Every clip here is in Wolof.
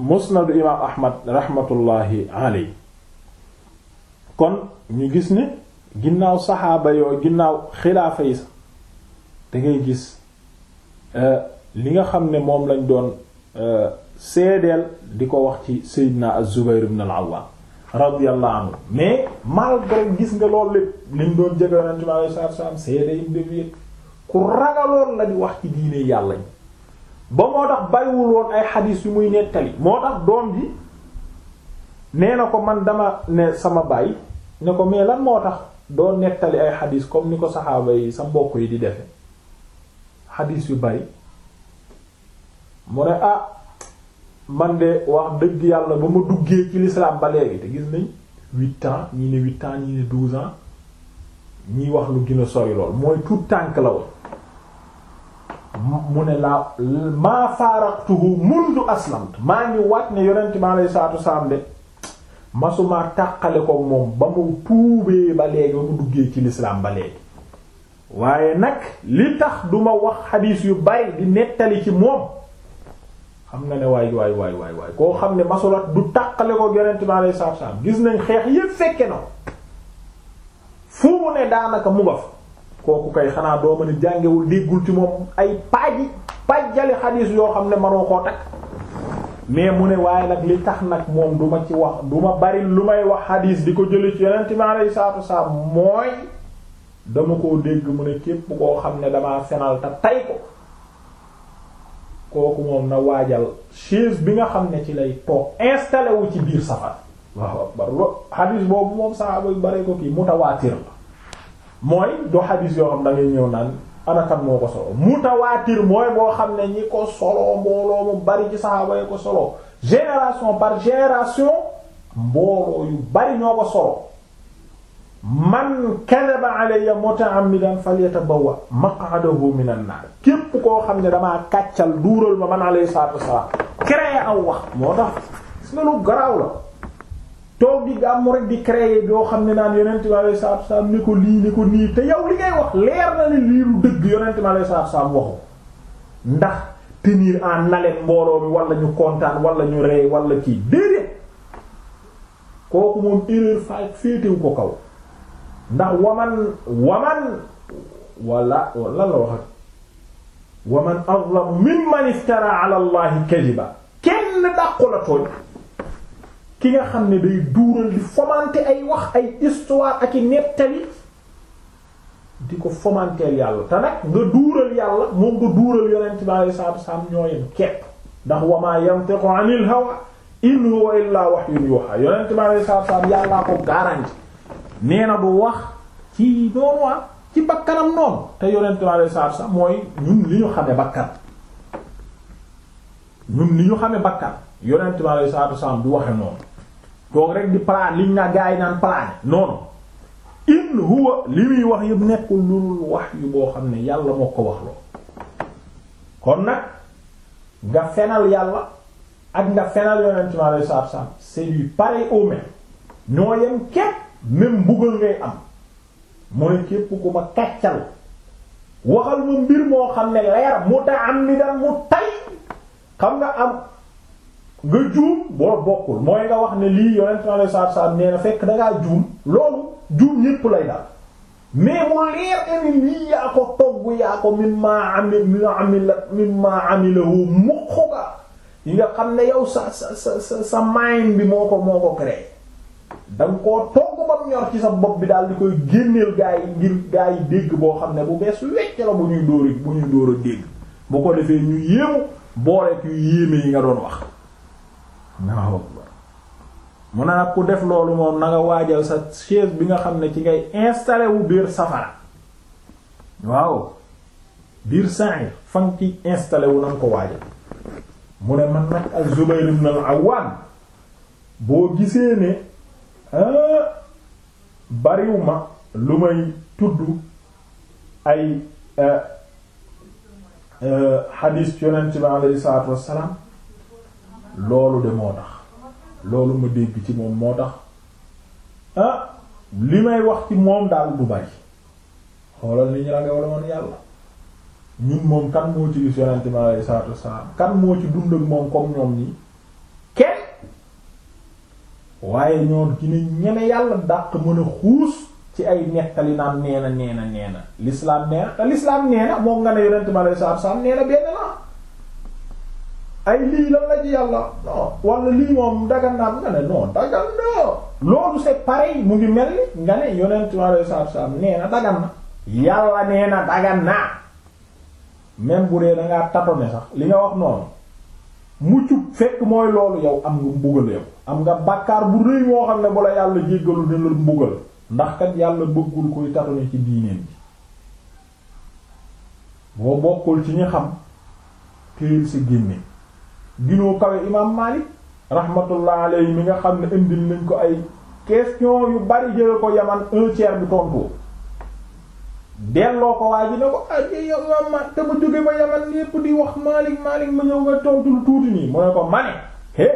musnadu imaam ahmad rahmatullahi aley kon ñu gis ni ginnaaw saxaaba yooyu ginnaaw xilaafa yi sax da ngay gis euh, li nga xam ne moom lañ doon euh, seedeel di ko wax ci Seydina az-Zubayr ibn al-Awwam radiyallahu anhu mais malgré gis nga loolu lépp liñ doon jege Yonent bi sallallahu seede yi mu def yépp ku ragaloon la wax ci diine yàlla ñi ba moo tax bariwul woon ay xadiis yu muy nettali moo tax doom ji nee na ko man dama ne sama baay ne ko mais lan moo tax doo nettali ay xadiis comme ni ko saxaaba yi sa mbokk yi di defe xadiis yu bari mu ne ah man de wax dëgg yàlla ba ma duggee ci l'islam ba léegi te gis nañ huit ans ñii ne huit ans ñii ne douze ans ñii wax lu gën a sori lool mooy tout tànk la woon mu ne laa maa faaraqtuhu mundu aslamt maa ngi waat ne yonent bi alayhi salaatu wasalaam de masuma tàqale ko moom ba mu tuubee ba léegi ba mu duggee ci lislaam ba léegi waaye nag li tax duma wax xadiis yu bari di nettali ci moom xam nga ne waay waay waay waay waay koo xam ne masula du tàqale ko yonent bi alayhi salaatu wasalaam gis nañ xeex yëpp fekke na fu mu ne daanaka mu nga fa kooku kay xanaa doo mën a jàngewul déggul ci moom ay paaji pajjali xadiis yoo xam ne manoo koo takk mais mu ne waaye nag li tax nag moom du ma ci wax du ma bari lu may wax xadiis di ko jële ci yonent maa alayhi salaatu wasalaam mooy dama koo dégg mu ne képp koo xam ne dama senal te ko kooku moom na waajal chaise bi nga xam ne ci lay toog installé wu ci biir safar waaw akbar lo xadiis boobu moom saxaaba yu bare ko kii mutawaatir la mooy doo xadis yoo xam da ngay ñëw naan anakan moo ko solo mutawaatir mooy boo xam ne ñi ko solo mbooloo mu bari ci saxaaba yi ko solo génération par génération mbooloo yu bari ñoo ko solo man kadaba alayya muta'ammidan falyatabawwa maq'adahu minan nar képp koo xam ne damaa kàccal duural ma man alayhi salaatu wasalaam créé wax moo tax si na lu garaaw la toog di gàmmu rek di créer yoo xam ne naan yonent bi alayhi salaatu salaam ni ko lii ni ko nii te yow li ngay wax leer na ne lii lu dëgg yonent bi alayhi salaatu salaam waxu ndax tenir en haleine mbooloo mi wala ñu kontaan walla ñu rey walla kii déedéet kooku moom erreur fa féetewu ko kaw ndax waman waman wala wala la wax ak waman azlamu mimman iftara ala kadiba kenn dàqu la tooñ ki nga xam ne day duural di fomante ay wax ay histoire ak i nettali di ko fomanteel yàlla te nag nga duural yàlla moom nga duural yonent bi alayhi salaatu wasalaam ñooyem kepp ndax wa maa yantiqu anil hawa in huwa illaa wahyun yuuhaa yonent bi alayhi salaatu yàllaa ko garanti nee na du wax ci noonu waa ah, ci bakkanam noonu te yonent bi alayhi salaatu mooy ñun li ñu xame bakkan ñun li ñu xame bakkan yonent bi alayhi salaatu du waxe noonu toog rek di plan liñ naa gaa yi naan plané noonu in huwa li muy wax yëpp nekkul lulul wax yu boo xam ne yàlla moo ko wax loo kon nag nga fenal yàlla ak nga fenal yonent mi alayhi salaatu salaam c'est du pareil au même ñoo yem képp même mbugal ngay am mooy képp ku ma kàccal waxal mu mbir moo xam ne leer mu ta am mi dal mu tay xam nga am nga juum boo bokkul mooy nga wax ne lii yonent sallallahu alayhi wasallam nee na fekk dangaa juum loolu juum ñépp lay daal mais mu leer eni lii yaa ko togg yaa ko mimma amil mimma amila mimma amilahu muqqa yi nga xam ne yow sa sa sa sa mind bi moo ko moo ko créé danga koo togg ba mu ñor ci sa bopp bi daal di koy génneel gaa yi ngir gaa yi dégg boo xam ne bu bees wecc la bu ñuy dóor bu ñuy dóor a dégg bu ko defee ñu yéemu booleek yu yéeme yi nga doon wax waaw mu ne nag ku def loolu moom na waajal sa chaise bi nga xam ne ci ngay installe wu biir safara waaw biir sa'ir fan ci installé wu na ko waajal mu ne man nag ak Zubayr ibn al-Awwam boo gisee ne ah, bariw ma lu may tudd ay xadiis ah, ah, yonent bi alayhi salaatu wassalaam loolu de moo tax loolu ma dégg ci moom moo tax ah li may wax ci moom daal du bari xoolal ni ñu la nga wala woon yàlla ñun moom kan moo ci gis yonente bi alayhi salaatu wassalaam kan moo ci dund ak moom comme ñoom nii kenn waaye ñoom ci ni ñeme yàlla dàq mën a xuus ci ay nettali naan neena neena neena lislaam neena te lislaam neena moom nga ne yonente bi alayhi salaatu wassalaam neena benn la ay lii lan la ci yàlla non wala lii moom dagan naa nga ne non dagan na loolu c'est pareil mu ngi mel nga ne yonent mi alei salatu nee na dagan yàlla nee na dagan na même bu dee dangaa sax li nga wax noonu muccu fekk mooy loolu yow am nga mbugal yow am nga bàkkaar bu rëy moo xam ne bu yàlla jéggalu ne la mbugal ndax kat yàlla bëggul koy tatone ci diineen bi boo bokkul ci ñu xam téel sa génne ginoo kawe imaam Maalik rahmatullah alayhi mi nga xam ne indil nañ ko ay question yu bari jële ko yaman un tiers bi tontu delloo ko waa ji ne ko ah yow yow ma te ma jóge ba yaman lépp di wax Malik Malik ma ñëw nga tontu lu tuuti nii mu ne ko ma ne he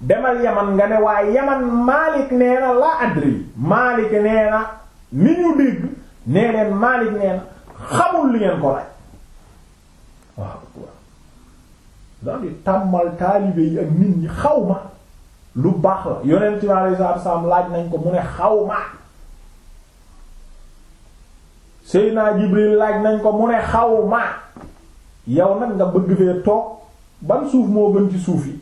demal yaman nga ne waaye yaman Malik nee na laa adri Malik nee na ni ñu dégg nee leen Malik nee na xamul li ngeen ko laaj dax di tàmmal taalibe yi ak nit ñi xaw ma lu baax la yonent bi alei salatu laaj nañ ko mu ne xaw ma naa Jibril laaj nañ ko mu ne xaw ma yow nag nga bëgg fee toog ban suuf moo gën ci suuf yi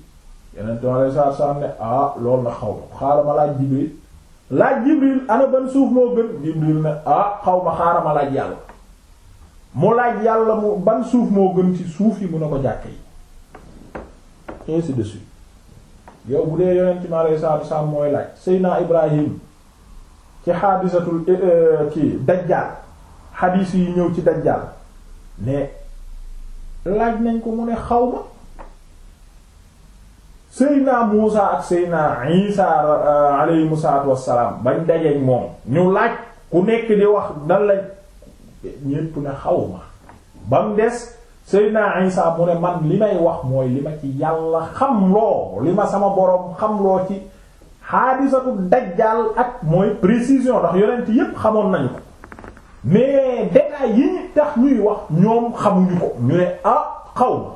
yonent bi alei salatu ne ah loolu na xaw ma xaaral ma laaj Jibril laaj Jibril ana ban suuf moo gën Jibril ne ah xaw ma xaaral ma laaj yàlla mu laaj yàlla mu ban suuf moo gën ci suuf yi mun na ko jàkkee ainsi de suite yow bu dee yonent mi alayhi salaatu mooy laaj Seydina Ibrahim ci xaadisatul eh, eh, kii dajjaal xadiis yi ñëw ci dajjaal mais laaj nañ ko mu ne xaw ma Seydina Muusa ak Seydina Isa eh, alayhimu salaatu wassalaam bañ dajeek moom ñu laaj ku nekk di wax nan lañ ñépp ne xaw ma ba des Seydina Isa mu ne man li may wax mooy li ma ci yàlla xam loo li ma sama boroom xam loo ci xaadisatu dajjaal ak mooy précision ndax yonent yépp xamoon nañu ko mais détails yi tax ñuy wax ñoom xamuñu ko ñu ne ah xaw ma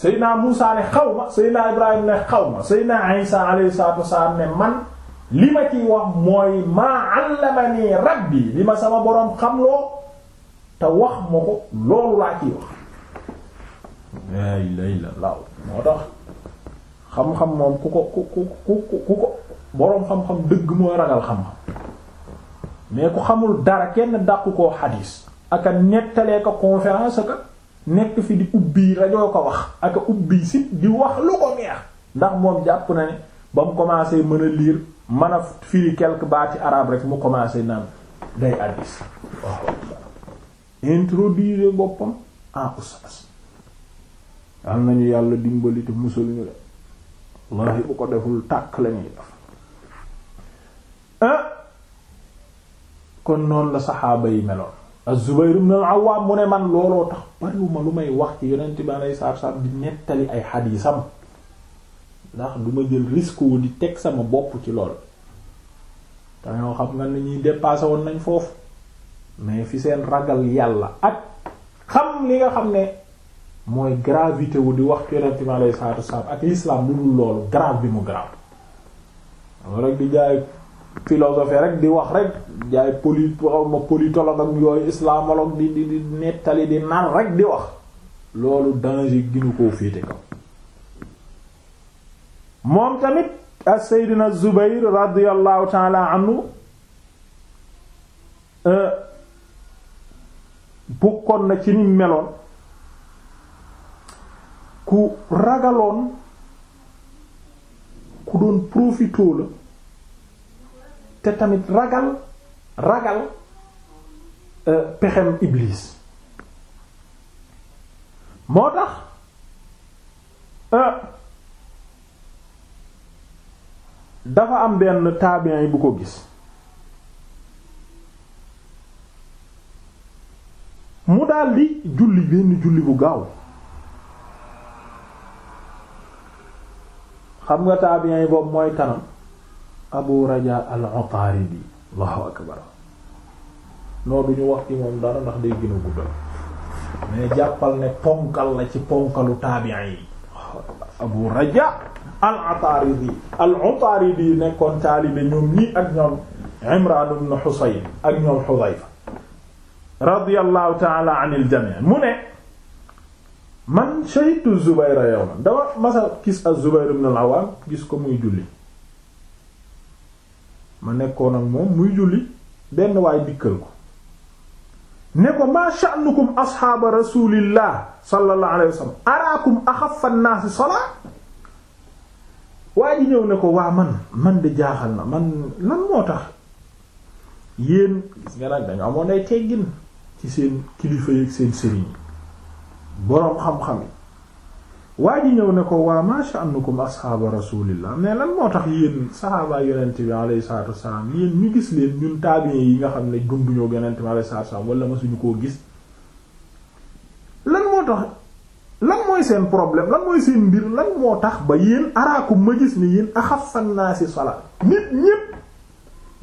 Seydina Muusa ne xaw ma Seydina Ibrahim ne xaw ma Seydina Isa alayhi salaatu wasalaam ne man li ma ci wax mooy ma allamani rabbi li ma sama boroom xam loo te wax ma ko loolu laa ciy wax lay lay la moo tax xam-xam moom ku ko ku ku ku ko boroom xam-xam dëgg mooy ragal xam-xam mais ku xamul dara kenn dàqu koo xadis aka nettalee ko conférence aka nekk fi di ubbi rajoo ko wax aka ubbi si di wax lu ko neex ndax moom jàpp na ne ba mu commencé mën a liir mën a firi quelque baati arabe rek mu commencé naan day addis waaw boppam en oustaz yal nañu yàlla dimbali te musal ñu de wallahi bu ko deful tàkk lañuy def ah kon noonu la saxaaba yi meloon ak zubayr ibn al-Awwam man looloo tax bariwuma lu may wax ci yonent bi alayhi salaatu salaam di nettali ay xadiisam ndax du ma jël risque wu di teg sama bopp ci lool te ñoo xam nga ni ñuy dépassé woon nañ foofu mais fi seen ragal yàlla ak xam li nga xam ne mooy gravité wu di wax ci yonent bi ak l'islam lu dul loolu grave bi mu grave rek di jaay philosophie rek di wax rek jaay poli ma politologue ak yooyu islamologue di di nettali di naan rek di wax loolu danger ginu koo féete kaw moom tamit a Seydina Zubayr radiyallahu taala anhu euh, bokkoon na ci ni meloon ku ragaloon ku doon profitoo la te tamit ragal ragal euh, pexem iblis moo tax euh, dafa am benn taabien bu ko gis mu daldi julli benn julli bu gaaw xam nga taabiyen yi boobu mooy kanam abu raja al-Uqaaridi allahu akbar noo duñu wax ci moom dara ndax day gën a guddal mais jàppal ne ponkal la ci ponkalu taabiyen yi abu raja al-Uqaaridi al-Uqaaridi nekkoon taalibe ñoom nii ak ñoom Imraan ibn Husayn ak ñoom Hudayfa radiyallahu ta'ala anil jami' mu ne man shahidtu Zubayra yawman dama masa gis az-Zubayr ibn al gis ko muy julli ma nekkoon ak moom muy julli benn waay dikkal ko ne ko maa sha'nukum asxaaba rasulillah sallallahu alayhi wa sallam araakum axaffa an salaa waa ji ñëw ne ko waa man man de jaaxal na man lan moo tax yéen gis nga nag dañu amoon ay teggin ci seen kilifa yi ak seen sëriñ boroom xam-xam yi waa ji ñëw ne ko waa ma sha'nukum asxaaba rasulillah ne lan moo tax yéen saxaaba yonent bi alayhi salaatu wassalaam yéen ñu gis leen ñun yi nga xam ne dunduñoo yonent bi alayhi salaatu wassalaam wala masuñu koo gis lan problème lan mbir lan moo tax ba yéen ma gis ne yéen axafan naa si salaat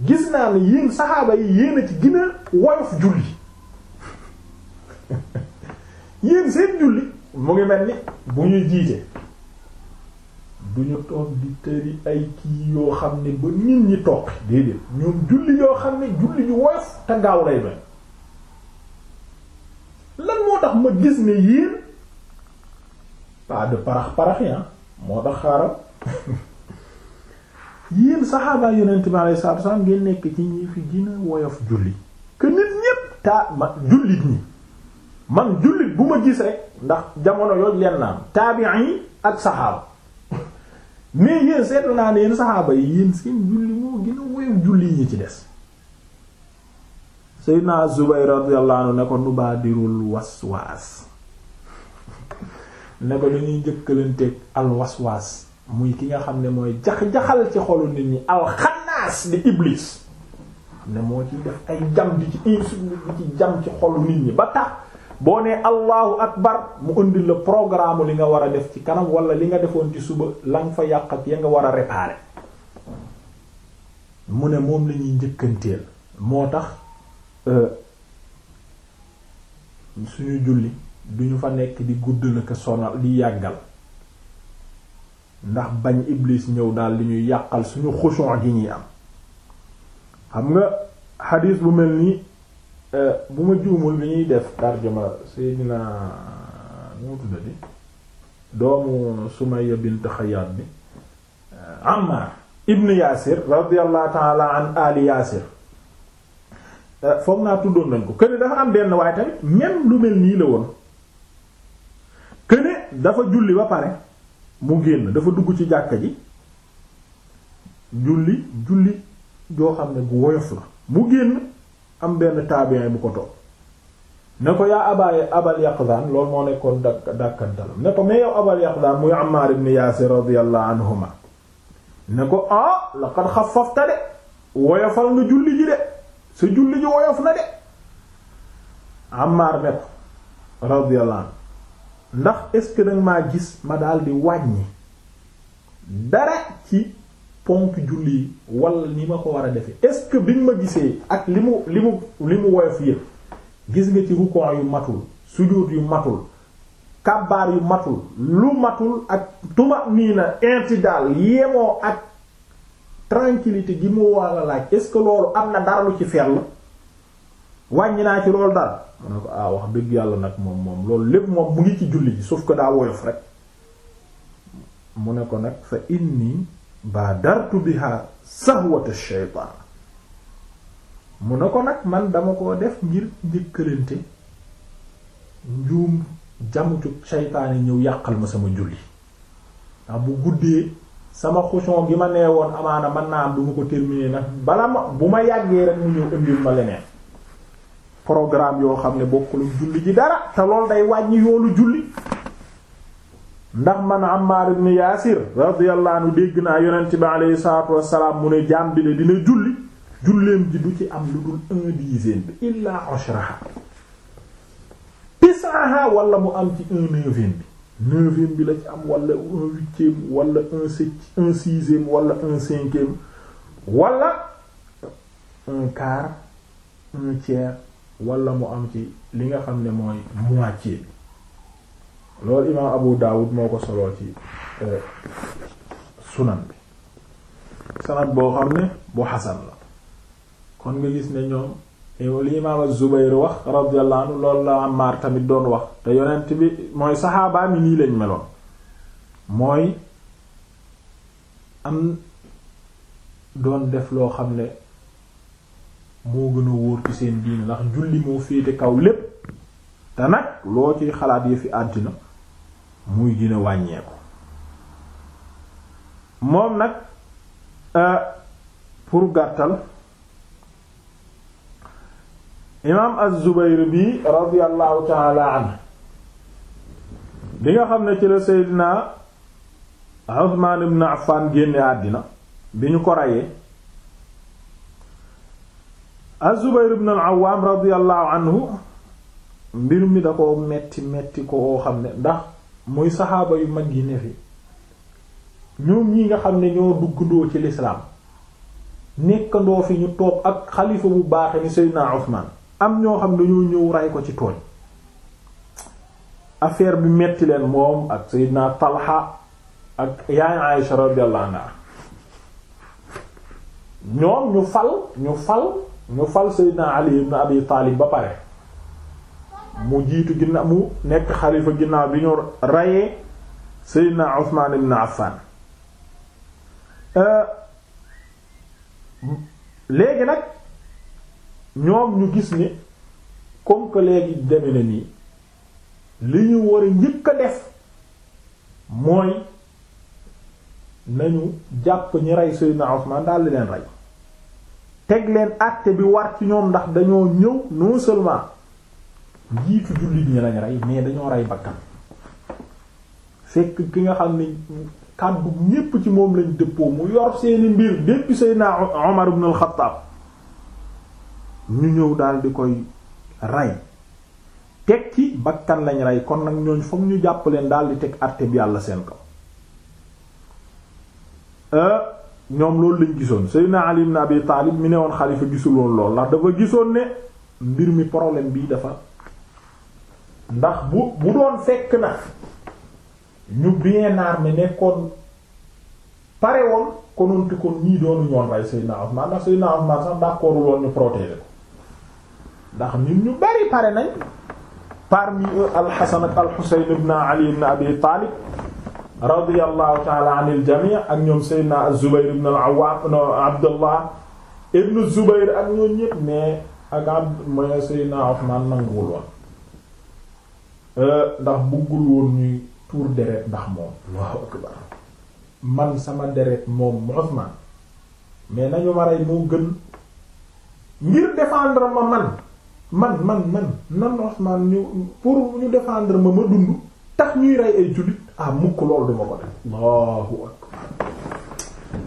gis naa ne yéen saxaaba yi yéen a ci woyof julli yéen seen julli mu ngi mel ni bu ñuy jiite du ñu toog di tëri ay kii yoo xam ne ba nit ñi toog déedéet ñoom julli yoo xam ne julli ñu woyof te lay mel lan moo tax ma gis ne yéen pas de parax parax ya ah, moo tax xaaral yéen saxaaba yonent bi alayhi salaatu wa salaam nekk ci ñi fi gën a woyof julli que nit ñépp taa ma jullit ñi. man jullit bu ma gisee ndax jamono loolu leen naan taabi'i ak saxaaba mais yéen seetlu naa ne yéen saxaaba yi yéen seen julli moo gën a woyof julli ñi ci des Seydina Zubayr radiyallahu anhu ne ko nubaadirul waswaas ne ko dañuy njëkkalanteeg al waswaas muy ki nga xam ne mooy jax-jaxal ci xolu nit ñi alxanaas di iblis ne moo ci def ay jam di ci insu di ci jam ci xolu nit ñi ba tax boo nee allahu akbar mu indi la programme li nga war a def ci kanam wala li nga defoon ci suba lang fa yàq ak ya nga war a réparer mu ne moom lañuy njëkkanteel moo tax euh, suñu julli duñu fa nekk di guddal ak sonal di yàggal ndax bañ iblis ñëw daal di ñuy yàqal suñu xushon gi ñuy am xam nga xadiis bu mel nii Euh, bu ma juumul bi ñuy def tarjuma Seydina nu mu tuddati doomu Sumayya bint Xayyaat bi euh, Ammar ibn Yaasir radiyallahu ta'ala ali Yaasir euh, foog naa tuddoon nañ ko këne dafa am benn waaye tamit même lu mel nii la woon këne dafa julli ba pare mu génn dafa dugg ci jàkka ji julli julli joo xam ne bu woyof la mu génn am benn taabiin bu ko toog ne ko yaa abaaye abal yaqdaan loolu moo nekkoon dakk ne ko mais yow abal yaqdaan muy Ammaar ibn Yaasir radiyallahu anhuma ne ko ah laqad xaffafta de woyofal nga julli ji de sa julli ji woyof na de Ammaar ne ko radiyallahu ndax est maa gis ma daal di wàññi dara ci ponk julli yi wala ni ma ko war a defee est-ce que biñ ma gisee ak li mu li mu li mu woyof yëpp gis nga ci rukkoo yu matul sujjóot yu matul kabbaar yu matul lu matul ak tuma nii na intidaal yemoo ak tranquillité gi mu war laaj est-ce que loolu am na dara lu ci fell wàññi naa ci loolu dara mu ne ko ah wax dëgg yàlla nag moom moom loolu lépp moom mu ngi ci julli ji sauf que daa woyof rek mu ne ko nag fa inni baadartu biha sahwata shaytaan mu ne ko nag man dama koo def ngir njëkkalante njuum jamutu yi ñëw yàqal ma sama julli ndax bu guddee sama xuson gi ma nee woon amaana man naa am du ma ko terminer nag bala ma bu ma yàggee rek mu ñëw indil ma leneen programme yoo xam ne bokkul julli ji dara te loolu day wàññi yoolu julli ndax man Ammaar ibn Yaasir radiyallahu dégg naa yonent bi aleyhi salaatu wassalaam mu ne jaam bi de dina julli julleem ji du ci am lu dul un dixième bi illaa ashraha tisaaha wala mu am ci un neuvième bi neuvième bi la ci am wala un huitième wala un sept un sixième wala un cinquième wala un quart un tiers wala mu am ci li nga xam ne mooy moitié bi loolu imaam Abu Dawud moo ko soloo ci eh, sunan bi sanad boo xam ne bu xasan la kon nga gis ne ñoom eh, li imaam az-Zubayr wax radiyallahu anhu loolu la Ammaar tamit doon wax te yonent bi mooy saxaabaa mi nii lañ meloon mooy am doon def loo xam ne moo gën a wóor ci seen diine ndax julli moo féete kaw lépp te nag loo ci xalaat yi fi àddina muy gën a wàññeeku moom nag euh, pour gàttal imaam az bi radiyallahu taala an bi nga xam ne ci la Seydina Usmaan ibn Affan génne àddina bi ñu ko rayee az-Zubayr awwaam radiyallahu anhu mbir mi da ko metti metti ko xam ne ndax muy saxaaba yu mag yi ne fi ñoom ñi nga xam ne ñoo duggandoo ci lislaam nekkandoo fi ñu toog ak xalifa bu baax ni Seydina Usmaan am ñoo xam dañoo ñëw ray ko ci tooñ affaire bi metti leen moom ak Seydina talxa ak yaay Aïsha radiyallahu anha ñoom ñu fal ñu fal ñu fal Seydina Ali ibn Abi Taalib ba pare mu jiitu ginnaaw mu nekk xalifa ginaaw bi ñu rayee Seydina Usmaan ibn Affan euh, léegi nag ñoom ñu gis ni comme que léegi deme na nii li ñu war a njëkk a def mooy nañu jàpp ñi rey Seydina Usmaan daal di leen rey teg leen acte bi war ci ñoom ndax dañoo ñëw non seulement jiitu jullit ñi lañ rey mais dañoo rey bakkan fekk ki nga xam ne kàddu ñépp ci moom lañ dëppoo mu yor seeni mbir depuis Seydina Omar ibn al ñu ñëw daal di koy rey teg ci bakkan lañ rey kon nag ñooñ foog ñu jàpp leen daal di teg àtte bi yàlla seen kaw euh, ñoom loolu lañ gisoon Seydina Ali ibn Abi Taalib mi ne woon xalifa gisul lool ndax dafa gisoon ne mbir mi problème bi dafa ndax bu bu doon fekk na ñu bien armé nekkoon pare woon kononti kon ñii doonu ñoon rey Seydina Ousmane ndax Seydina Ousmane sax d'accord woon ñu protéger ndax nit ñu bari pare nañ parmi al-Hasan al-Husayn ibn Ali ibn Abi Talib radiyallahu ta'ala anil jami' ak ñoom Seydina az-Zubayr ibn al-Awwam Abdullah ibn Zubayr ak ñoom ñëpp mais ak mooy Seydina Ousmane nanguwul Euh, ndax bëggul woon ñuy tuur deret ndax moom Allahu man sama deret moom Usman mais nañu ma rey moo gën ngir défendre ma man man man man nan Usman ñu pour ñu defendre ma ma dund tax ñuy rey ay jullit ah mukk loolu duma ko def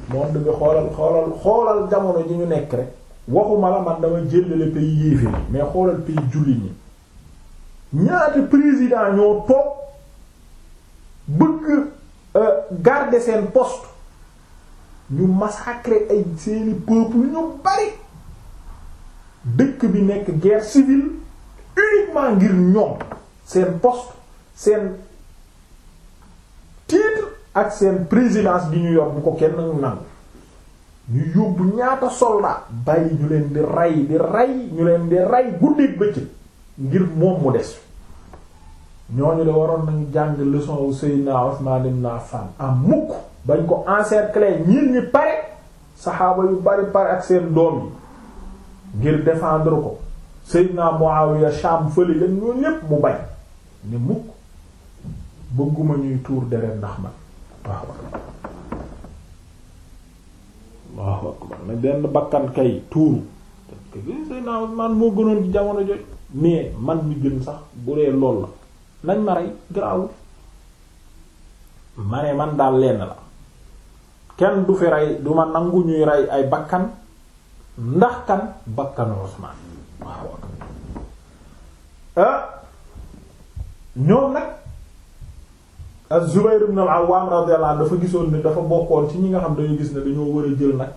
moom danga xoolal xoolal xoolal jamono ji ñu nekk rek waxuma la man dama jëlale pays yéeféer mais xoolal pays jullit ñi ñaati président ñoo toog bëgg euh, garder seen poste ñu massacrer ay seeni peuple ñu bari dëkk bi nekk guerre civile uniquement ngir ñoom seen poste seen titre ak seen présidence bi ñu yor bu ko kenn nangu ñu yóbbu ñaata soldat bàyyi ñu leen di rey di rey ñu leen di rey guddeeg bëccëg ngir moom mu des ñooñu de waroon nañu jàng leçon wu Seydina Usman ibn Affan am mukk bañ ko encercler ñin ñi pare saxaaba yu bari pare ak seen doom yi ngir défendre ko Seydina Muawiya Sham fële la ñooñu ñépp mu bañ ne mukk bëgguma ñuy tuur deret ndax man waaw waaw waaw man benn bakkan kay tuuru Seydina Usman moo gënoon ci jamono jooju mais man bi gën sax bu dee lool la nañ ma rey garaawul ma ne man daal lenn la kenn du fi rey duma nangu ñuy rey ay bakkan ndax kan bakkanu Usman waaw ah ñoom nag Az-Zubayr ibn al-Awwam radiyallahu anhu dafa gisoon ne dafa bokkoon ci ñi nga xam dañu gis ne dañoo war a jël nag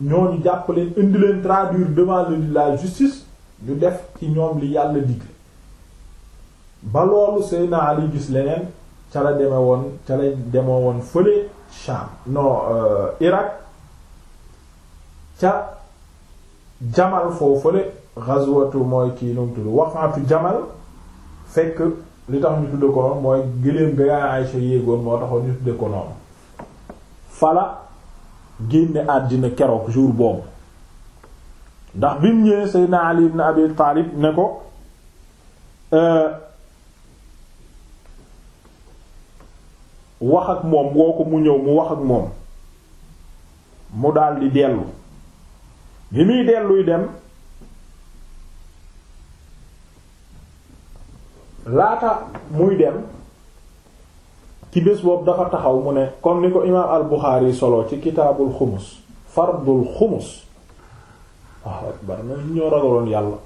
ñooñu jàpp leen indi leen traduire devant la justice ñu def ci ñoom li yàlla digle ba loolu Seydina Ali gis leneen ca la deme woon ca la demoo woon fële Sham non euh, Irak ca Jamal foo fële ghazwatu mooy kii nu mu tudd waqatu Jamal fekk li tax ñu tudde ko noonu mooy gëléem ga yaay Aysa yéegoon moo taxoon ñu tudde ko noonu fala génne àddina keroog jour boobu ndax bi mu ñëwee Seydina Ali ibn Abi Taalib ne ko euh, wax ak moom woo ko mu ñëw mu wax ak moom mu daldi dellu bi muy delluy dem laata muy dem ci bés boobu dafa taxaw mu ne comme ni ko imaam al Buxaari solo ci kitaabul xumus fardul xumus waaw akbar na ñoo ragaloon yàlla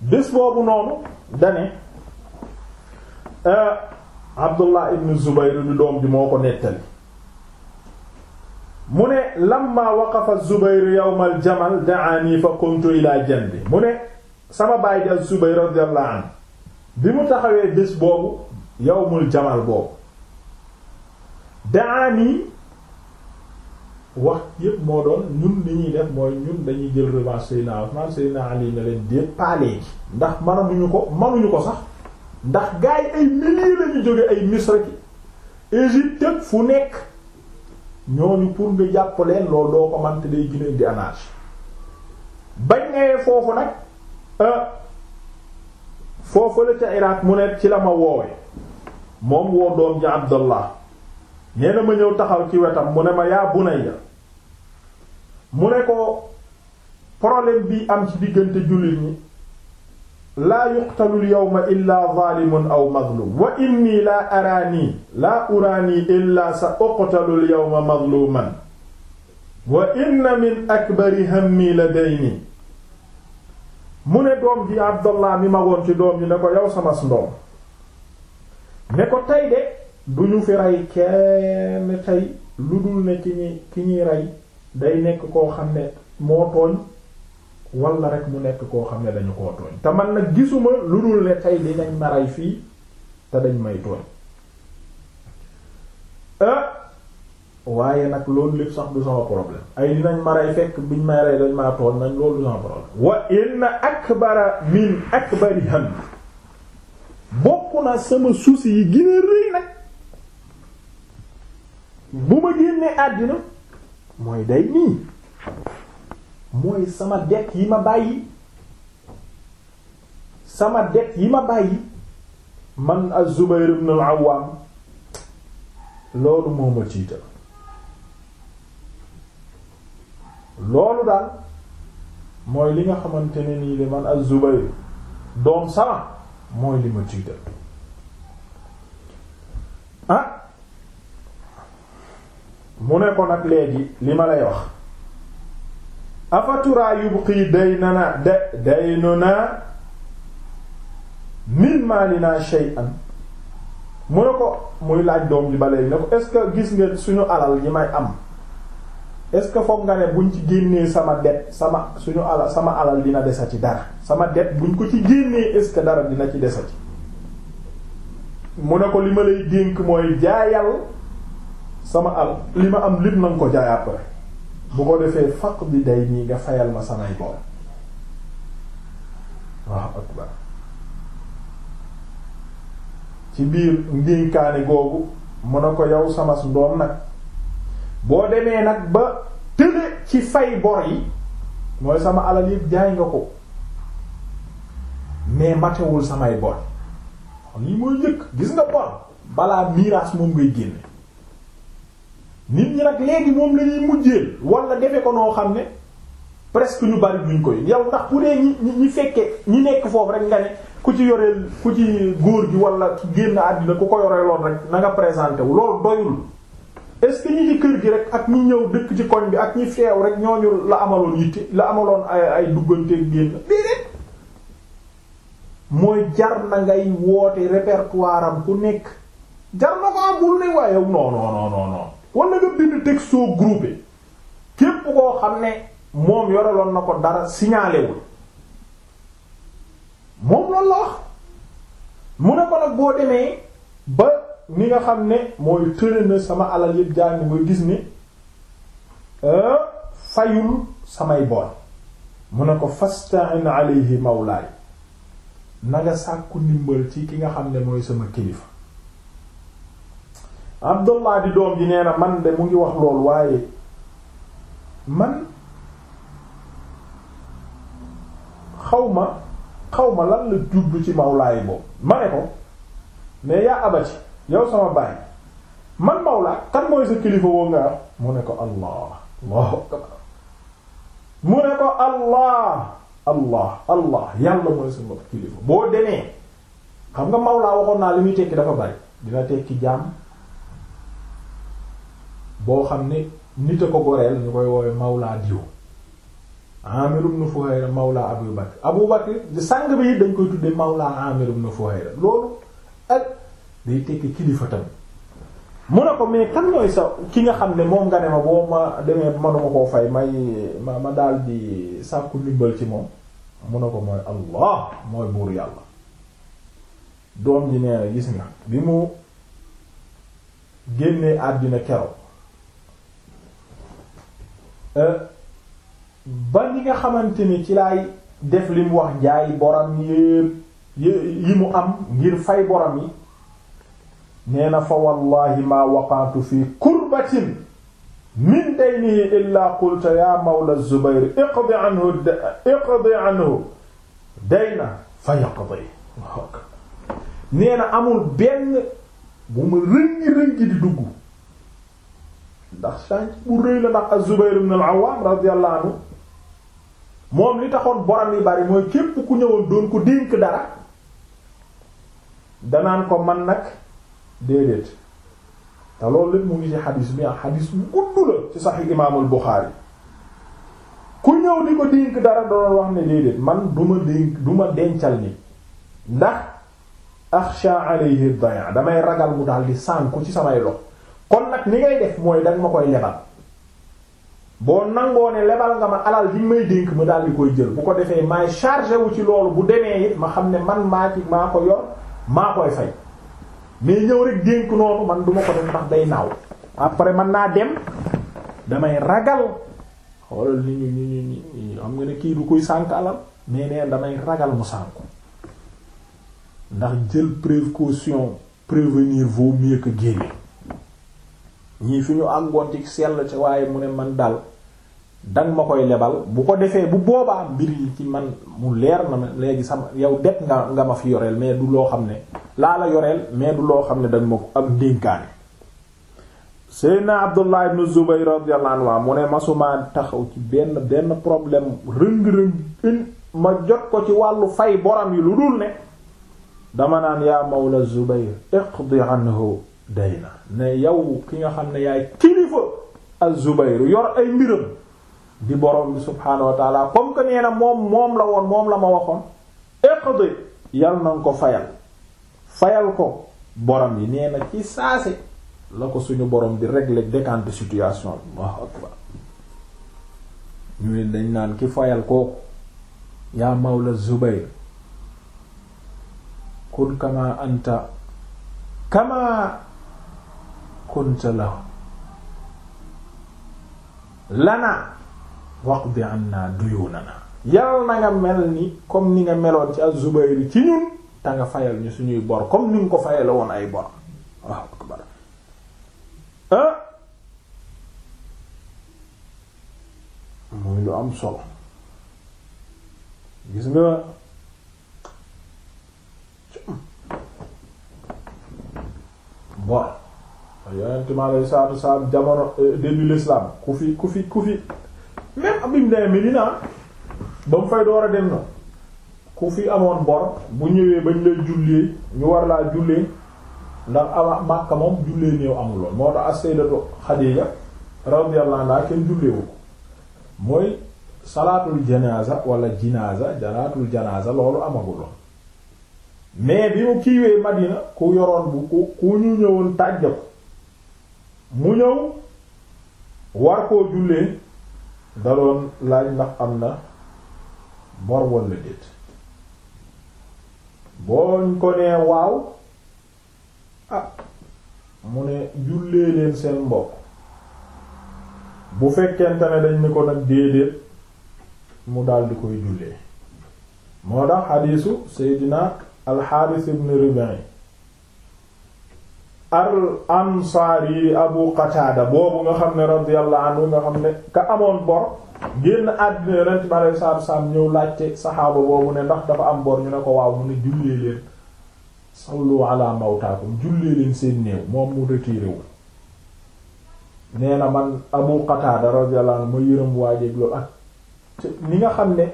bés boobu noonu dane euh, Abdullah ibn Zubayr di doom bi moo ko nettali mu ne lamaa waqafa Zubayr yawm al jamal da'ani fa qumtu ila janbi mu ne sama baay ji az-Zubayr radiyallahu bi mu taxawee bis boobu yawmul jamal boobu da'ani wax yëpp moo doon ñun li ñuy def mooy ñun dañuy jël revanche Seydina Ousmane Seydina Ali na leen déet paalee ji ndax mënuñu ko mënuñu ko sax ndax gars yi ay milliers lañu jóge ay Misra ki Égypte tëg fu nekk ñooñu pour nga jàpp leen loolu doo ko mante day gën a di anarchie bañ ngayee foofu nag euh, foofu la ca Irak mu ne ci la ma woowe moom woo doom ji Abdallah nee na ma ñëw taxaw ci wetam mu ne ma yaa bunayya mu ne ko problème bi am ci diggante jullit ñi laa yuqtalul yawma illa zaalimun aw mazlum wa inni laa araanii laa uraanii illa sa uqtalul yawma mazluman wa inna min akbari hammi ladayni mu ne doom ji abdallah mi magoon ci doom yi ne ko yow samas ndoom ne ko tey de du ñu fi rey kenn tey lu dul ne ki ñuy ki ñuy rey day nekk koo xam ne moo tooñ wala rek mu nekk koo xam ne dañu koo tooñ te man nag gisuma lu dul ne tey dinañ maray fii te dañ may tooñ ah waaye nag loolu lépp sax du sama problème ay dinañ maray fekk biñ may rey dañ maa tooñ nañ loolu du sama problème wa inna akbara min akbari ham bokk na sama souci yi gën rëy nag bu ma génnee àddina mooy day nii mooy sama det yi ma bàyyi sama det yi ma yi man az-Zubayr ibn al-Awwam loolu moo ma tiital loolu daal mooy li nga xamante ne nii man az-Zubayr doom sama mooy li ma tiital ah mu ne ko nag léegi li ma lay wax afaturaa yubqi daynana de daynuna min maalina shay'an mu ne ko muy laaj doom ji ba léegi ne ko est-ce que gis nga suñu alal yi may am est-ce que foog nga ne buñ ci génnee sama det sama suñu alal sama alal dina desati dara sama det buñ ko ci génnee est-ce dara dina ci desati mu ne ko li ma lay dénk mooy jaayal sama al li ma am lépp na nga ko jaay après bu ko defee faq bi day nii nga fayal ma samay bor waaw akbar ci biir ndénkaane googu mun na ko yow samas ndoom nag boo demee nag ba tële ci fay bor yi mooy sama alal yëpp jaay nga ko mais matewul samay bor lii mooy njëkk gis nga bor balaa miraas moom ngay génne nit ñi nag léegi moom la ñuy mujjeel wala defe ko noo xam ne presque ñu bari duñ koy yow ndax ku dee ñi ñi fekkee ñi nekk foofu rek nga ne ku ci yoreel ku ci góor gi wala ki génn àddina ku ko yoreeloon rek na nga présenté wu loolu doyul est-ce ñi kër gi rek ak ñi ñëw dëkk ci koñ bi ak ñi feew rek ñooñu la amaloon yitte la amaloon ay ay dugganteeg génn mooy jar na ngay woote répertoire am ku nekk jar na ko am bul ne waaye non non non non non wala nga bind texto groupé képp koo xam ne moom yoraloon na ko dara signalé wul moom loolu la wax mu ne ko nag boo demee ba ni nga xam ne mooy tëre sama alal yëpp jaay nga gis ne euh, fayul samay bon mu ne ko fasta'in alayhi mawlaay na nga sàkku ndimbal ci ki nga xam ne mooy sama kilifa Abdullah di doom ji nee na man de mu ngi wax lool waaye man xaw xawma xawma lan la jublu ci mawlaay boobu ma ko mais yaa abati yow sama baay man mawlaa kan mooy sa kilifa woo mu ne ko allah ne ko allah allah allah yàlla mooy sama kilifa boo demee xam nga mawlaa waxoon naa li muy tekki dafa bari dina tekki jaam boo xam ne nit a ko goreel ñu koy woowee mawla diw Amir ibn Fuhayra mawla Abu Bakr Abu Bakr sang bi it dañ koy tuddee mawla Amir ibn Fuhayra loolu ak day tekki kilifa tamit mu ko mais kan mooy sa ki nga xam ne moom nga ne ma boo ma demee manuma koo fay may ma ma di sàkku ndimbal ci moom mu ne ko mooy Allah mooy buur yàlla doom ji nee na gis nga bi mu génnee àddina keroog Euh, ba ni nga xamante ni ci laay def li mu wax jaay boram yépp yi mu am ngir fay boram yi nee na fa wallahi ma waqaatu fi kurbatin min daynihi illa qulta ya mawla zubair iqdi anhu iqdi anhu dayna fa yaqdi nee na amul benn bu ma rëngi rëngi di dugg ndax sànq bu rëy la ndax az-Zubayr ibn al-Awwam radiyallahu anhu moom li taxoon boram yi bari mooy képp ku ñëwoon doon ko dénk dara danaan ko man nag déedéet te loolu lépp mu ngi ci xadis bi xadis bu gudd la ci Sahih Imaamul Buxaari ku ñëw di ko dénk dara doon wax ne déedéet man du ma duma du ma dencal ni ndax axsha alayhi ad-daya damay ragal mu daal di sànku ci samay loxo kon nag ni ngay def mooy danga ma koy lebal boo nangoo ne lebal nga ma alal li may dénk ma daal di koy jël bu ko defee maay chargé wu ci loolu bu demee it ma xam ne man maa maa ko yor maa koy fay mais ñëw rek dénk noonu man duma ko def ndax day naaw après man naa dem damay ragal xoolal ni ñu ñu ñu ñu xam nga ne kii du koy sànk alal mais neen damay ragal mu sànku ndax jël précaution prévenir vaut mieux que guérir ñii fi ñu àngoon ci sell ci waaye mu ne man daal danga ma koy lebal bu ko defee bu boobaa mbir yi ci man mu leer na ma léegi sama yow det nga nga ma fi yoreel mais du loo xam ne laa la yoreel mais du loo xam ne danga ma ko am ndénkaane seydna abdullah ibn zubayr radiyallahu anhu mu ne masumaa taxaw ci benn benn problème rëng-rëng in ma jot ko ci wàllu fay boram yi lu dul ne dama naan yaa mawla zubayr iqdi anhu day na ne yow ki nga xam ne yaay kilifa az-Zubayr yor ay mbiram di borom bi subhaanahu wa taala comme nee na moom moom la woon moom la ma waxoon iqdi yal na ko fayal fayal ko borom yi nee na ci saase la ko suñu borom di régler décanter situation bi waaw akbar ñu dañ naan ki fayal kooku yaa mawla Zubayr kun kama anta kama kunta lahu lana waqdi anna duyunana yal na nga mel ni comme ni nga meloon ci az-Zubayr ci ñun te fayal ñu suñuy bor comme ni nga ko fayal woon ay bor waaw akbar ah muy lu am solo gis nga bor yonent mi alayhi salaatu wa salaam jamono euh, début l'islam ku fi ku fi ku fi même bi mu nee Medina ba mu fay door a dem na ku fi amoon bor bu ñëwee bañ lay jullee ñu war laa jullee ndax ama Makka moom jullee néew amul woon moo tax as-sayyidatu Xadiija radiyallahu anha kenn julleewu ko mooy salaatul janaza wala jinaza salaatul loolu amagul mais bi mu kiiwee Madina ku yoroon bu ku ku ñu ñëwoon tàjjab mu ñëw war koo jullee daloon laaj ndax am na bor walla déet booñ ko nee waaw ah mu ne jullee leen seen mbokk bu fekkente ne dañ ni ko nag déedéet mu daldi koy jullee moo tax xadiisu seydina alxaaris ibn Ribay al ansaari abu qataada boobu nga xam ne radiyallahu anhu nga xam ne ka amoon bor génn àddina yonent bi alei salatu salaam ñëw laajte saxaaba boobu ne ndax dafa am bor ñu ne ko waaw mu ne jullee leen sallu ala mawtaakum jullee leen seen néew moom mu retiré wu man abu qataada radiyallahu anhu ma yërëm waajeeg loolu ak ni nga xam ne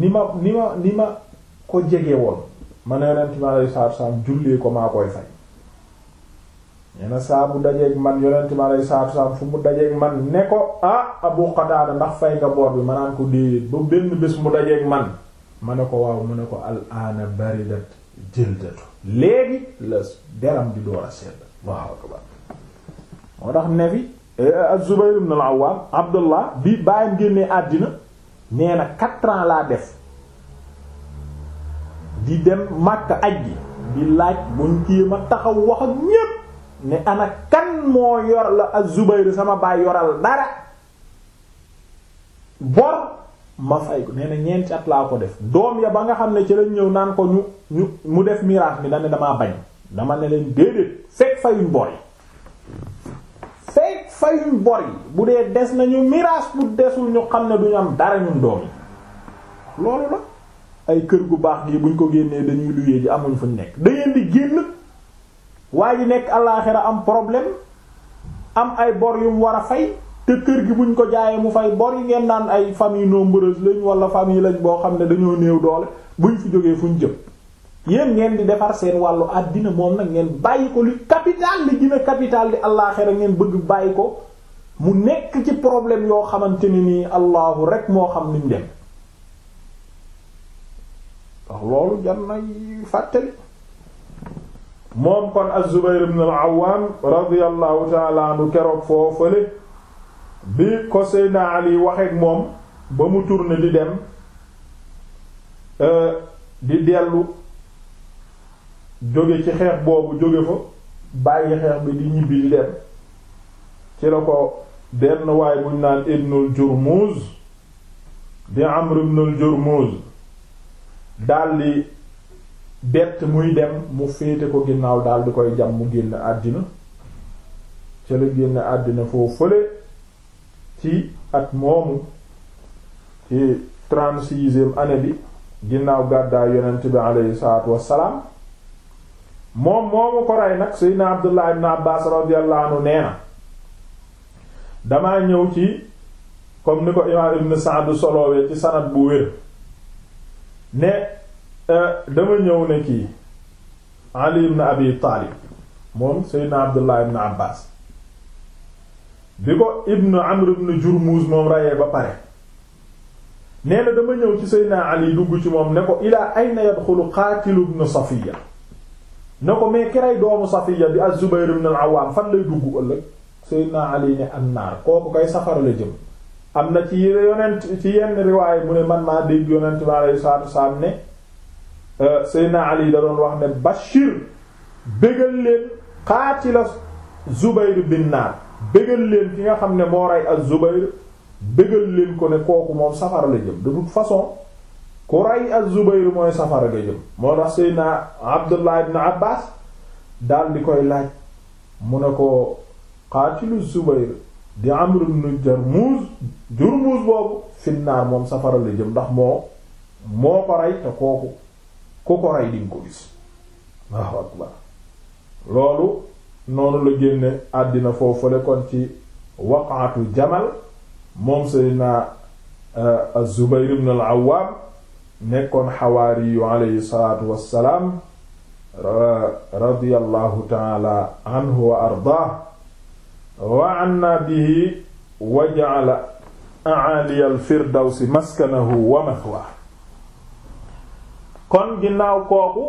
ni ma ni ma ni ma ko jege woon ma ne yonent bi alei salatu jullee ko maa koy fay neena saa bu dajeeg man yonent ma lay saatu saam fu mu dajeeg man ne ko ah Abu Qataada ndax fay nga boor bi ma ko déedéet ba benn bés mu dajeeg man ma ne ko waaw mu ne ko al aana baridat jildatu léegi la deram di door a sedd waaw akbar moo tax ne fi Az-Zubayr eh, ibn al-Awwam Abdullah bi bàyyam génnee àddina nee na laa def di dem Makka aj gi di laaj buñ kii ma taxaw wax ak ñépp ne ana kan moo yor la az-Zubayr sama baay yoral dara bor ma fay ko nee na ñeenti at laa ko def doom ya ba nga xam ne ci lañ ñëw naan ko ñu ñu mu def miraas mi dana damaa bañ dama ne leen déedéet fekk fayuñ bor yi fekk fayuñ bor yi bu dee des nañu miraas bu desul ñu xam ne duñu am dara ñun doom yi loolu la ay kër gu baax gi buñ ko génnee dañuy luyee ji amuñ ñu nekk da ngeen di génn waa ji nekk àllaaxira am problème am ay bor yu war a fay te kër gi buñ ko jaayee mu fay bor yi ngeen naan ay famille nombreuse lañ wala famille lañ boo xam ne dañoo néew doole buñ fi jógee fuñ jëm yéen ngeen di defar seen wàllu àddina moom nag ngeen bàyyi ko li capital li gën a capital li àllaaxira ngeen bëgg bàyyi ko mu nekk ci problème yoo xamante ne nii allahu rek moo xam ni mu dem ndax loolu jar na fàttali moom kon az-Zubayr ibn al-Awwam radiyallahu keroog foofu fële bi ko Seydina Ali waxeek moom ba mu tourné di dem euh, di dellu jóge ci xeex boobu jóge fa bàyyi xeex bi di ñibbi di ci la ko benn waay buñ naan ibnul Jurmuz di Amr ibnul daldi bett muy dem mu féete ko ginnaaw daal di koy jam mu génn àddina ca la génn àddina foo fële ci at moomu ci trente-sixième année bi ginnaaw gàddaay yonent bi aleyhi salaatu wassalaam moom moomu ko rey nag seydna abdullah ibn abbas radiyallahu anhu nee na damaa ñëw ci comme ni ko imaam ibn Sa'd solowee ci sanad bu wér ne Euh, dama ñëw ne kii Ali ibn Abi Taalib moom Seydina Abdullah ibn Abbas bi ko ibn Amr ibn Jurmuz moom rayee ba pare nee na dama ñëw ci Seydina Ali dugg ci moom ne ko ilaa ayna yadxulu qaatilu ibn Safiya ne ko mais keray doomu Safiya bi az-Zubayr ibn fan lay dugg ëllëg Seydina Ali ne annaar kooku kay safara la jëm am na ci yeneen ci yenn riwaay mu ne man maa dégg yonent bi alayhi salaatu wa ne Euh, Seydina Ali da doon wax ne Bachir bégal leen qaatila Zubayr bin bégal leen ki nga xam ne moo rey ak Zubayr bégal leen ko ne kooku moom safara la jëm de façon ku rey ak Zubayr mooy safara la jëm moo tax Seydina Abdullah ibn Abbas daal di koy laaj mu ne ko qaatilu Zubayr di Amr ibn Jarmuz Jurmuz boobu finnaar moom safara la jëm ndax moo moo ko rey te kooku ku ko rey dinga ko gis waaw loolu noonu la génne àddina foofu la ci waqaatu jamal moom seydina euh, az-Zubayr ibn al-Awwam nekkoon xawaari yu aleyhi salaatu wassalaam radiyallahu taala anhu wa ardaah wa anna bihi wa ja'ala a'ali al-firdawsi maskanahu wa mathwaahu kon ginnaaw kooku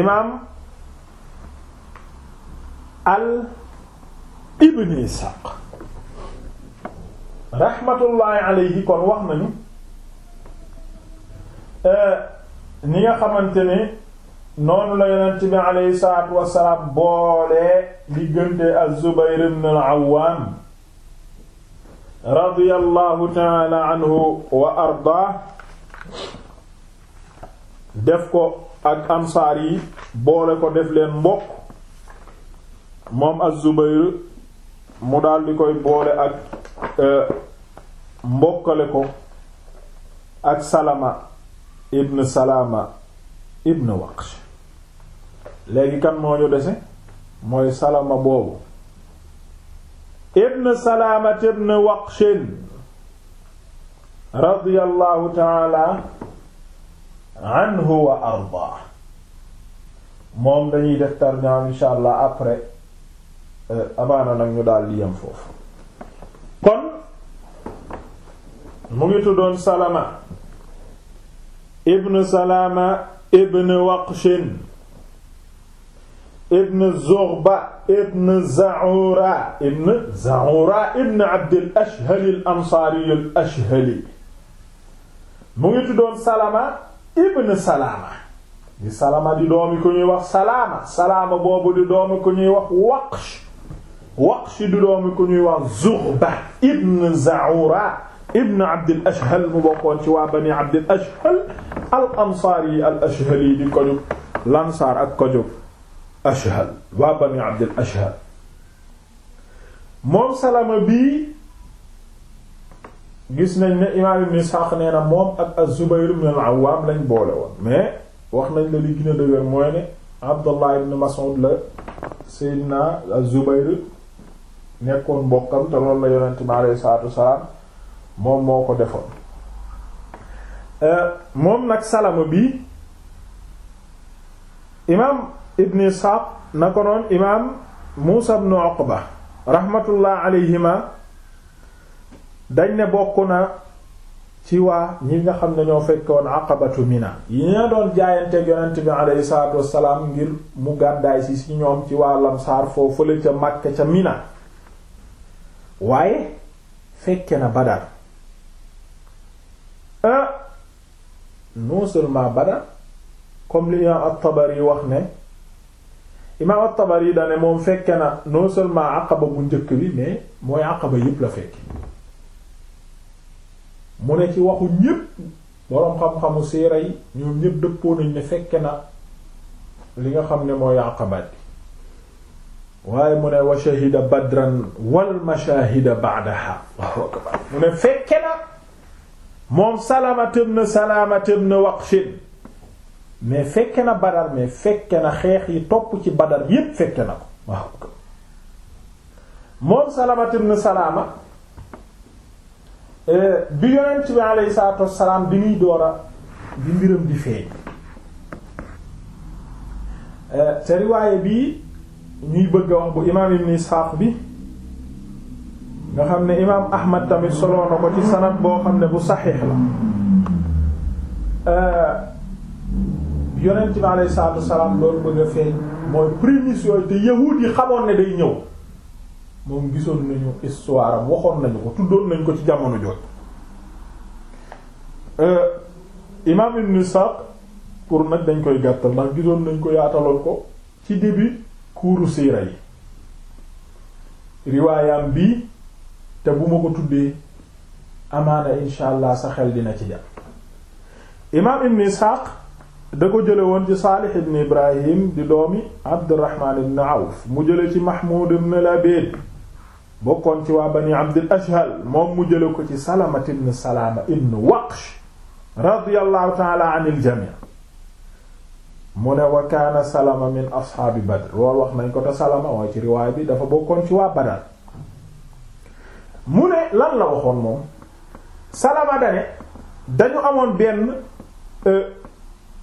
imaam al ibn Isxaaq raxmatullaahi alayhi kon wax nañu e, ni nga xamante ni noonu la yonent bi alayhi salaatu wassalaam boole diggante az-Zubayr ibn al-Awwaam radiyallahu taala anhu wa arda def ko ak ansaar yi boole ko def leen mbokk moom az mu daldi koy boole ak euh, mbokkale ko ak Salama ibn Salama ibn Waqsh léegi kan moo ñu dese mooy Salama boobu ibn salaamat ibn waqshin radiyallahu taala anhu wa arda moom dañuy def tarjam insha allah après euh, amaana nag ñu daal di yem foofu kon mu ngi tuddoon salama ibn ibn waqshin ibn Zughba ibn Zaura ibn Zaura ibn Abdil Ashhali al Ansaari al Ashhali mu ngi tuddoon Salama ibn Salama di Salama di doomi ku ñuy wax Salama Salama boobu di doomi ku ñuy wax Waqsh Waqsh di doomi ku ñuy wax Zughba ibn Zaura ibn Abdil Ashhal mu bokkoon ci waa Bani Abdil Ashhal al Ansaari al Ashhali di ko jóg Lansaar ak ko jóg ashhal waa bani abdil ashhal moom salama bii gis nañ ni imaam ibn Isxaaq nee moom ak az-Zubayr ibn al-Awwaam lañ boole woon mais wax nañ la li gën a dëgër mooy ne Abdullah ibn Mas'ud la Seydina az-Zubayr nekkoon mbokkam te loolu la yonent mi alayhi salaatu wasalaam moom moo ko defoon euh, moom nag salama bi imaam ibn Isxaaq na ko noon imaam Muusa ibn Uqba rahmatullah alayhima dañ ne bokk na ci waa ñi nga xam ne ñoo fekkoon aqabatu mina yi ñee doon jaayanteeg yonent bi aleyhi salaatu wassalaam ngir mu gàddaay si ci ñoom ci waa lamsaar foofu la ca Makka ca mina waaye fekke na Badar ah non comme li imaam at-Tabari wax ne imaam at-Tabari dane moom fekke na non seulement aqaba bu njëkk bi mais mooy aqaba yépp la fekke mu ne ci waxu ñépp boroom xam-xamu siira yi ñoom ñépp ne fekke na li nga xam ne mooy aqabaat bi waaye mu ne wa shahida badran wal mashahida ba'daha Allahu mu ne fekke na moom Salamata ibn Salamata ibn Waqshin mais fekke na badar mais fekke na xeex yi topp ci badar yépp fekke na ko waaw moom salamat ibn salaama euh, bi yonent bi alayhi salaatu wassalaam bi muy doora bi mbiram di feeñ euh, te bii ñuy bëgg a wax bu imaam ibn Isxaaq bi nga xam ne imaam Ahmad tamit solo ko ci sanad boo xam ne bu saxiix la euh, yonent bi alayhi salaatu wasalaam loolu bëgg a feeñ mooy prémices yooyu te yahuud yi xamoon ne day ñëw moom gisoon nañu histoire waxoon nañu ko tuddoon nañu ko ci jamono jot euh, imaam ibn Sa'd pour nag dañ koy gàttal ndax gisoon nañ ko yaataloon ko ci début kuuru siira yi riwaayam bii te bu ma ko tuddee amaana insha allah sa xel dina ci jàpp imaam ibn Sa'd da ko jële woon ci saalix ibn ibrahim di doomi abdirahmaan ibn awf mu jële ci mahmud ibn labid bokkoon ci waa bani abdil ashhal moom mu jële ko ci salamat ibn salaama ibn waqsh radiyallahu taala anil jamii mu ne wa kaana salama min ashaabi badr loolu wax nañ ko te salama waaye ci riwaay bi dafa bokkoon ci waa badar mu ne lan la waxoon moom salama dane dañu amoon benn euh,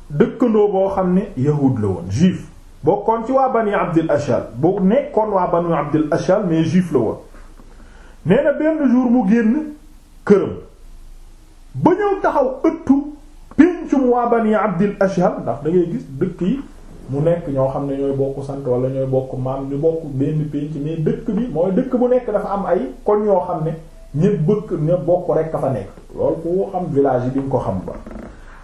dëkkandoo boo xam ne yahud la woon juif bokkoon ci waa bani abdil ashal boo nekkoon waa bani abdil ashal mais juif la woon nee na benn jour mu génn këram ba ñëw taxaw ëttu pincum waa bani abdil ashal ndax dangay gis dëkk yi mu nekk ñoo xam ne ñooy bokk sant wala ñooy bokk maam ñu bokk benn pénc mais dëkk bi mooy dëkk bu nekk dafa am ay kon yoo xam ne ñëpp bëkk ñëpp bokk rek a fa nekk loolu ku xam village bi nga ko xam ba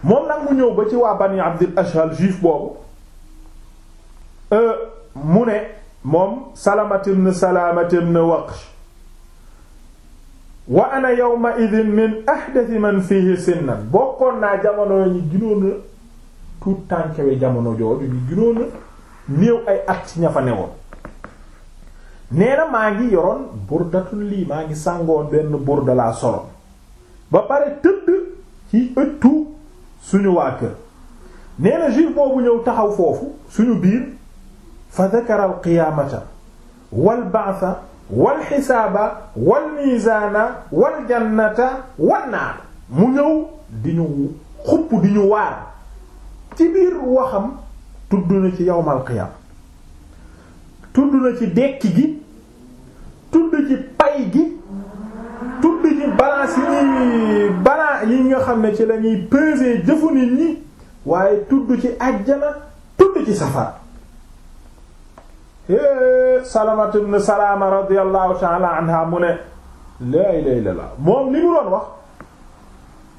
moom nag mu ñëw ba ci waa bani abdil ashal juif boobu euh, mu ne moom salamatin salamatin waqsh wa ana ma idin min ahdathi man fihi sinnan bokkoon naa jamono ñi ginoona tuut tànkewe jamono jooju ñu ginoona néew ay at ci ña fa newoon nee na maa ngi yoroon burdatul lii maa ngi sàngoon benn burda laa soloon ba pare tëdd ci ëttu suñu waa kër nee juif boobu ñëw taxaw foofu suñu biir fa dakara al qiyaamata wal ba'tha wal xisaaba wal miizaana wal jannata wan mu ñëw di ñu xupp di ñu waar ci biir waxam tudd na ci yawmal qiyaam tudd na ci dekki gi tudd ci pay gi balance yi ñuy yi nga xam ne ci la ñuy peser jëfu nit ñi waaye tudd ci ajjana tudd ci safar é salamatu ibn salama radiyallahu ta'ala anha mu ne laa ilaha illallah moom li mu doon wax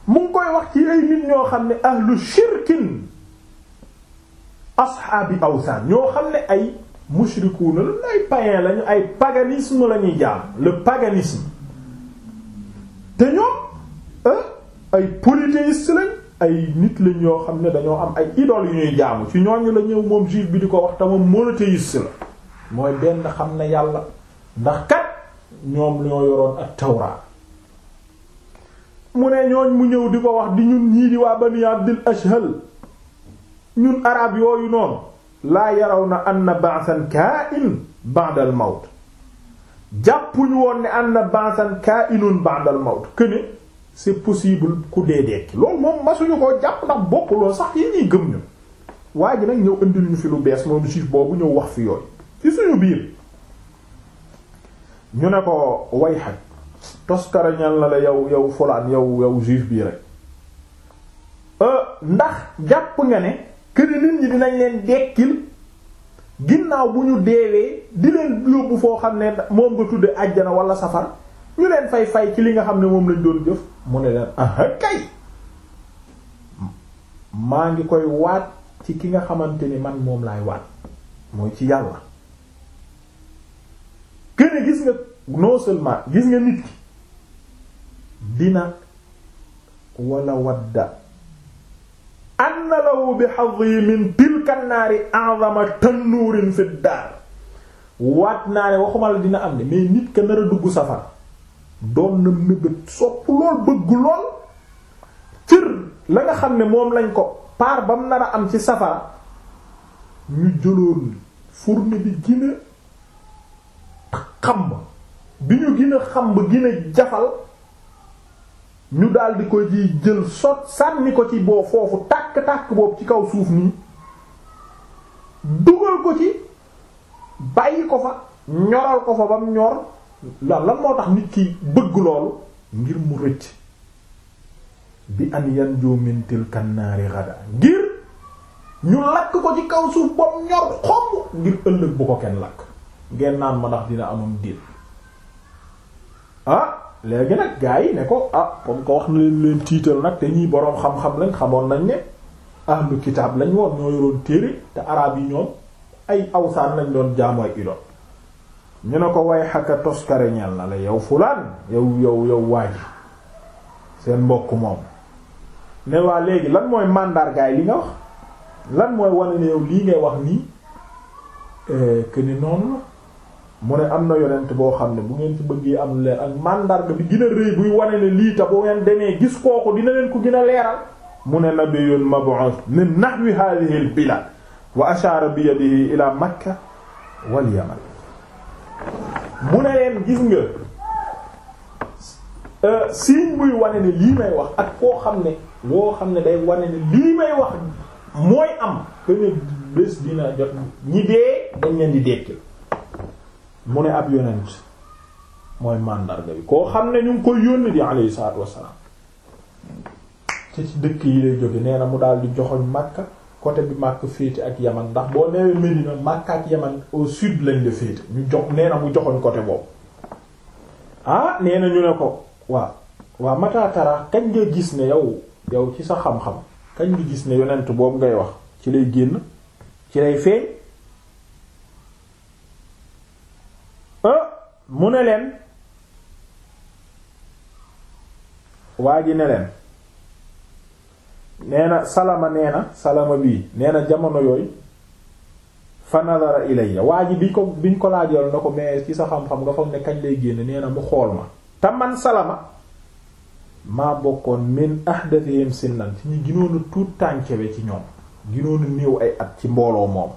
mu ngi koy wax ci ay nit ñoo xam ne ahlu shirkin ashaabi awsan ñoo xam ne ay mushrikuuna la ay païen lañu ay paganisme la ñuy jaam le paganisme te ñoom ah, ay polythéistes lañ ay nit lañ yoo xam ne dañoo am ay idoles yu ñuy jaamu ci ñooñu la ñëw moom juif bi di ko wax te moom monothéiste la mooy benn xam ne yàlla ndax kat ñoom ñoo yoroon ak tawraat mu ne ñooñ mu ñëw di ko wax di ñun ñii di waa bani abdil ashhal ñun arab yooyu noonu laa yaraw na anna na ka'in ba'da al-mawt jàppuñu woon ne am na bansan kaa inun ba'dal mawt que ne c'est possible ku dee dekki loolu moom masuñu koo jàpp ndax bokkuloo sax yi ñuy gëm ñu waa ji nag ñëw indil ñu fi lu bees moom juif boobu ñëw wax fi yooyu ci suñu biir ñu ne ko way xaj toskarañal na la yow yow fulaan yow yow juif bii rek euh, ndax jàpp nga ne que nit ñi dinañ leen dekkil ginnaaw bu ñu deewee di leen yóbbu foo xam ne moom nga tudde àjjana wala safar ñu leen fay fay ci li nga xam ne moom lañ doon jëf mu ne leen aha kay maa ngi koy waat ci ki nga xamante ni man moom laay waat mooy ci yàlla gën gis nga non seulement gis nga nit ki dina wala wadda anna lahu bi hadhi min kannaari a'zama tannuurin fi daar waat naa ne dina am ne mais nit ka nar a dugg safara doon na sopp lool bëgg lool cër la nga xam ne moom lañ ko paar bam nar a am ci safara ñu jëloon fourne bi gina xamb bi ñu gën a xamb jafal ñu daldi ko ji jël sot sànni ko ci boo foofu tàkk-tàkk boobu ci kaw suuf nii dugal ko ci bàyyi ko fa ñoral ko fa ba mu ñor la lan moo tax nit ki bëgg loolu ngir mu rëcc bi an yan joomintil kannaari rada ngir ñu lakk ko ci kaw suuf ba mu ñor xomb ngir ëllëg bu ko kenn lakk ngeen naan ma ndax dina amam diir ah léegi nag gaa yi ne ko ah comme ko wax na leen leen tiital nag te ñii boroom xam-xam lañ xamoon nañ ne ahlu kitaab lañ woon ñoo yoroon téere te araab yi ñoom ay awsaan lañ doon jaamu ay ñu ne ko way xaka toskare ñeel na la yow fulaan yow yow yow waaji seen mbokk moom ne waa léegi lan mooy màndargaay li nga wax lan mooy wane ne yow lii ngay wax nii këni eh, noonu mu ne am na yonent boo xam ne bu ngeen ci bëggee am leer ak màndarga bi gën a rëy buy wane ne lii te bu ngeen demee gis kooku dina leen ko gën a leeral mu ne nabiyyun mab'uth min nahwi hadhihi al bilad wa ashara bi yadihi ila makka wal yaman mu ne leen gis nga euh, signe buy wane ne lii may wax ak koo xam ne loo xam ne day wane ne lii may wax mooy am que ne bés dina jot ñi dee dañ leen di dekkil mu ne ab yonent mooy màndarga bi koo xam ne ñu ngi koy yónni di alayhi salaatu wassalaam ci dëkk yi lay jóge nee mu daal di joxoñ màkk côté bi Makka féete ak Yaman ndax boo neewee Medina Makka ak Yaman au sud lañ la féete ñu jox nee na mu joxoñ côté boobu ah nee ñu ne ko waaw waaw mataatara kañ nga gis ne yow yow ci sa xam-xam kañ nga gis ne yonent boobu ngay wax ci lay génn ci lay feeñ ah, mu ne leen waa ji ne leen nee na salama nee salama bii nee na jamono yooyu fa nadara ilayya waa ji biñ ko biñ ko laajoon na ko mais ci sa xam-xam nga foog ne kañ lay génn nee na mu xool ma taman salama maa bokkoon min ahdathihim sinnan ci ñu ginoonu tuut tànkewe ci ñoom ginoonu néew ay at ci mbooloo moom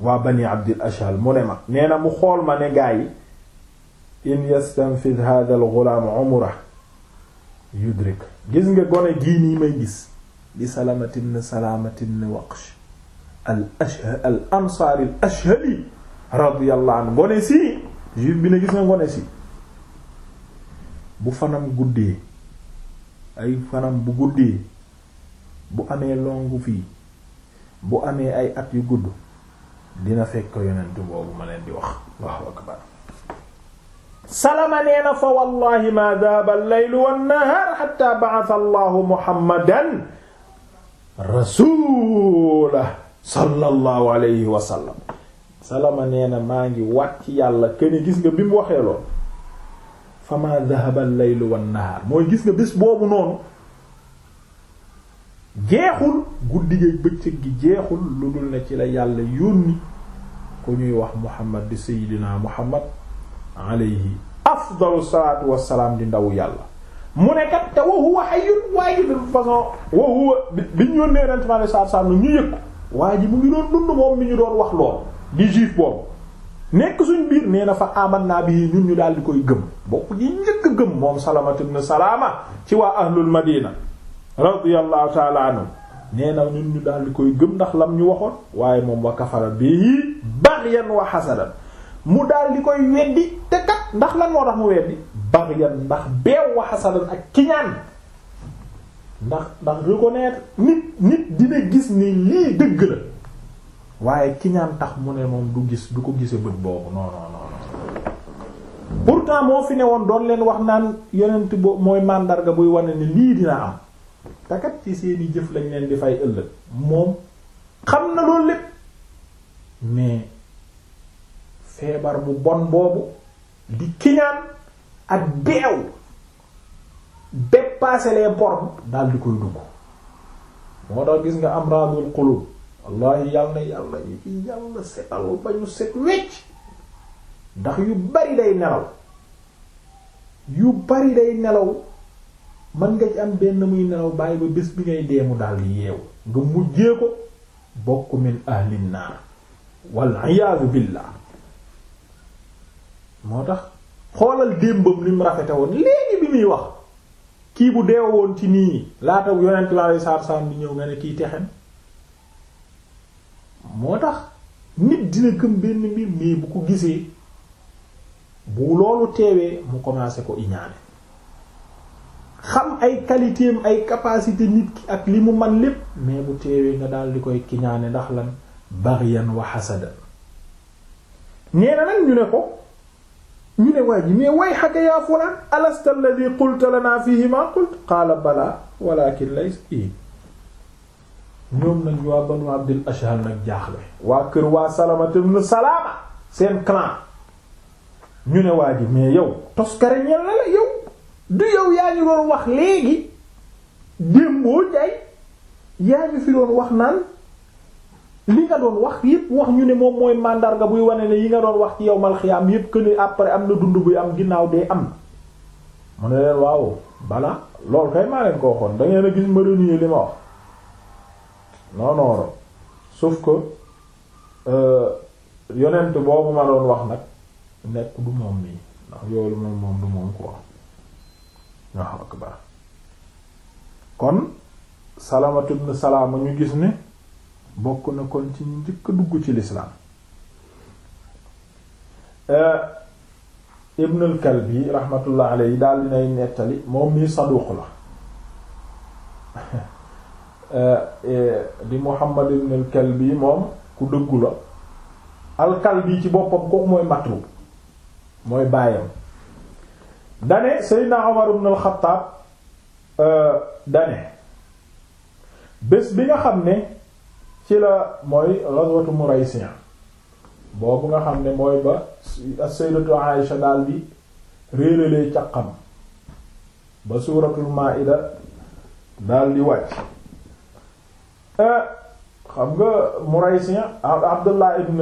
waa bani abdil ashal mu ne ma nee na mu xool ma ne gaa yi in yastanfid hadha al ghulam yudrik gis nga gone gii nii may gis di salamatin salamatin waqsh al ashhal al ansaari al ashhali radiyallahu anhu ngone si juif bi ne gis nga ngone si bu fanam guddee ay fanam bu guddee bu amee longu fii bu amee ay at yu gudd dina fekk yonent boobu ma leen di wax Allahu akbar salama nee fa wallahi ma dahaba al-laylu wan-nahar hatta ba'atha Allahu rasuula sallallahu alayhi wa nee na maa ngi wàcc yàlla këni gis nga bi mu waxee lool fama dhahaba al-laylu wan-nahar mooy gis nga bés boobu noonu jeexul guddi gi bëccëg gi jeexul lu dul ne ci la yàlla yónni ku ñuy wax muhammad di sayyidina muhammad afdalu salaatu wassalaam di ndaw yàlla mu ne kat te wa huwa hayyun waa ji de façon wa huwa bi ñu yónnee ren tamit saa ñu yëg waa ji mu ngi doon dund moom mi ñu doon wax lool di juif boobu nekk suñ biir nee na fa amanna bi ñun ñu daal di koy gëm bokk ji njëkk gëm moom Salamatu ibn Salama ci waa ahlul Madina radiyallahu ta'ala anhu nee na ñun ñu daal di koy gëm ndax lam ñu waxoon waaye moom wa kafara bi baghyan wa hasadan mu daal di koy weddi te kat ndax lan moo tax mu weddi baxyan ndax beew wa xasadan ak kiñaan ndax ndax reconnaître nit nit dina gis ni lii dëgg la waaye kiñaan tax mu ne moom du gis du ko gise bët boobu non non pourtant moo fi ne woon doon leen wax naan yonent bo mooy màndarga buy wane ne lii dina am takat ci seeni jëf lañ leen di fay ëllëg moom xam na loolu lépp mais feebar bu bon boobu di kiñaan ak beew dépasser les bornes di koy dugg moo tax gis nga amradul qulub wallahi yàlla na yàlla ñu ci yàlla setal ba ñu set wecc ndax yu bari day nelaw yu bari day nelaw mën nga am benn muy nelaw bàyyi ba bés bi ngay deemu daal yeewu nga mujjee ko bokk min ahlin naar wal iyaadu billah moo tax xoolal démbam ni mu rafete woon léegi bi muy wax kii bu dee woon ci nii laata yonent bi alei saatu salaam bi ñëw nga ne kii texen moo tax nit dina gëm benn mbir mais bu ko gisee bu loolu teewee mu commencé ko iñaane xam ay qualité am ay capacité nit ki ak li mu man lépp mais bu teewee nga daal di koy kiñaane ndax lan bariyan wa hasadan nee na nag ñu ne ko ñu ne waa ji mais way xaka yaa fulaan alasta alladhi qulta lana fihi ma qult qaala balaa walakin laysa i ñoom nag waa banu abdil ashhal nag jaaxle waa kër waa salamata ibn salaama seen clan ñu ne waa ji mais yow toskare ñel na la yow du yow yaa ñu doon wax léegi démboo jaay yaa ñu fi doon wax naan li nga doon wax yépp wax ñu ne moom mooy màndarga buy wane ne yi nga doon wax ci yow malxiyaam yépp que ne après am na dund buy am ginnaaw dee am mu ne leen waaw bala loolu kay maa leen ko waxoon da a gis ma renier li ma wax non non euh, wax nag nekk du moom nii ndax yoolu moom moom du moom quoi waaw akbar kon Salamatu ibn ñu gis ni bokk na kon ci ñu njëkk dugg ci lislaam eh, Ibn al-Kalbi rahmatullah alayhi daal di nay nettali moom mii saduq la eh, eh, di Muhammad ibn al-Kalbi moom ku dëggu la al-Kalbi ci boppam kooku mooy Matrub mooy baayam dane Seydina Umar ibn al-Khattab dane bés bi nga xam ne ci la mooy ghazwatu Muraysiya boobu nga xam ne mooy ba as-sayyidatu Aïsha daal di réeralee caqam ba suuratul Maa'ida daal di wàcc eh, xam nga Muraysiya Abdullah ibn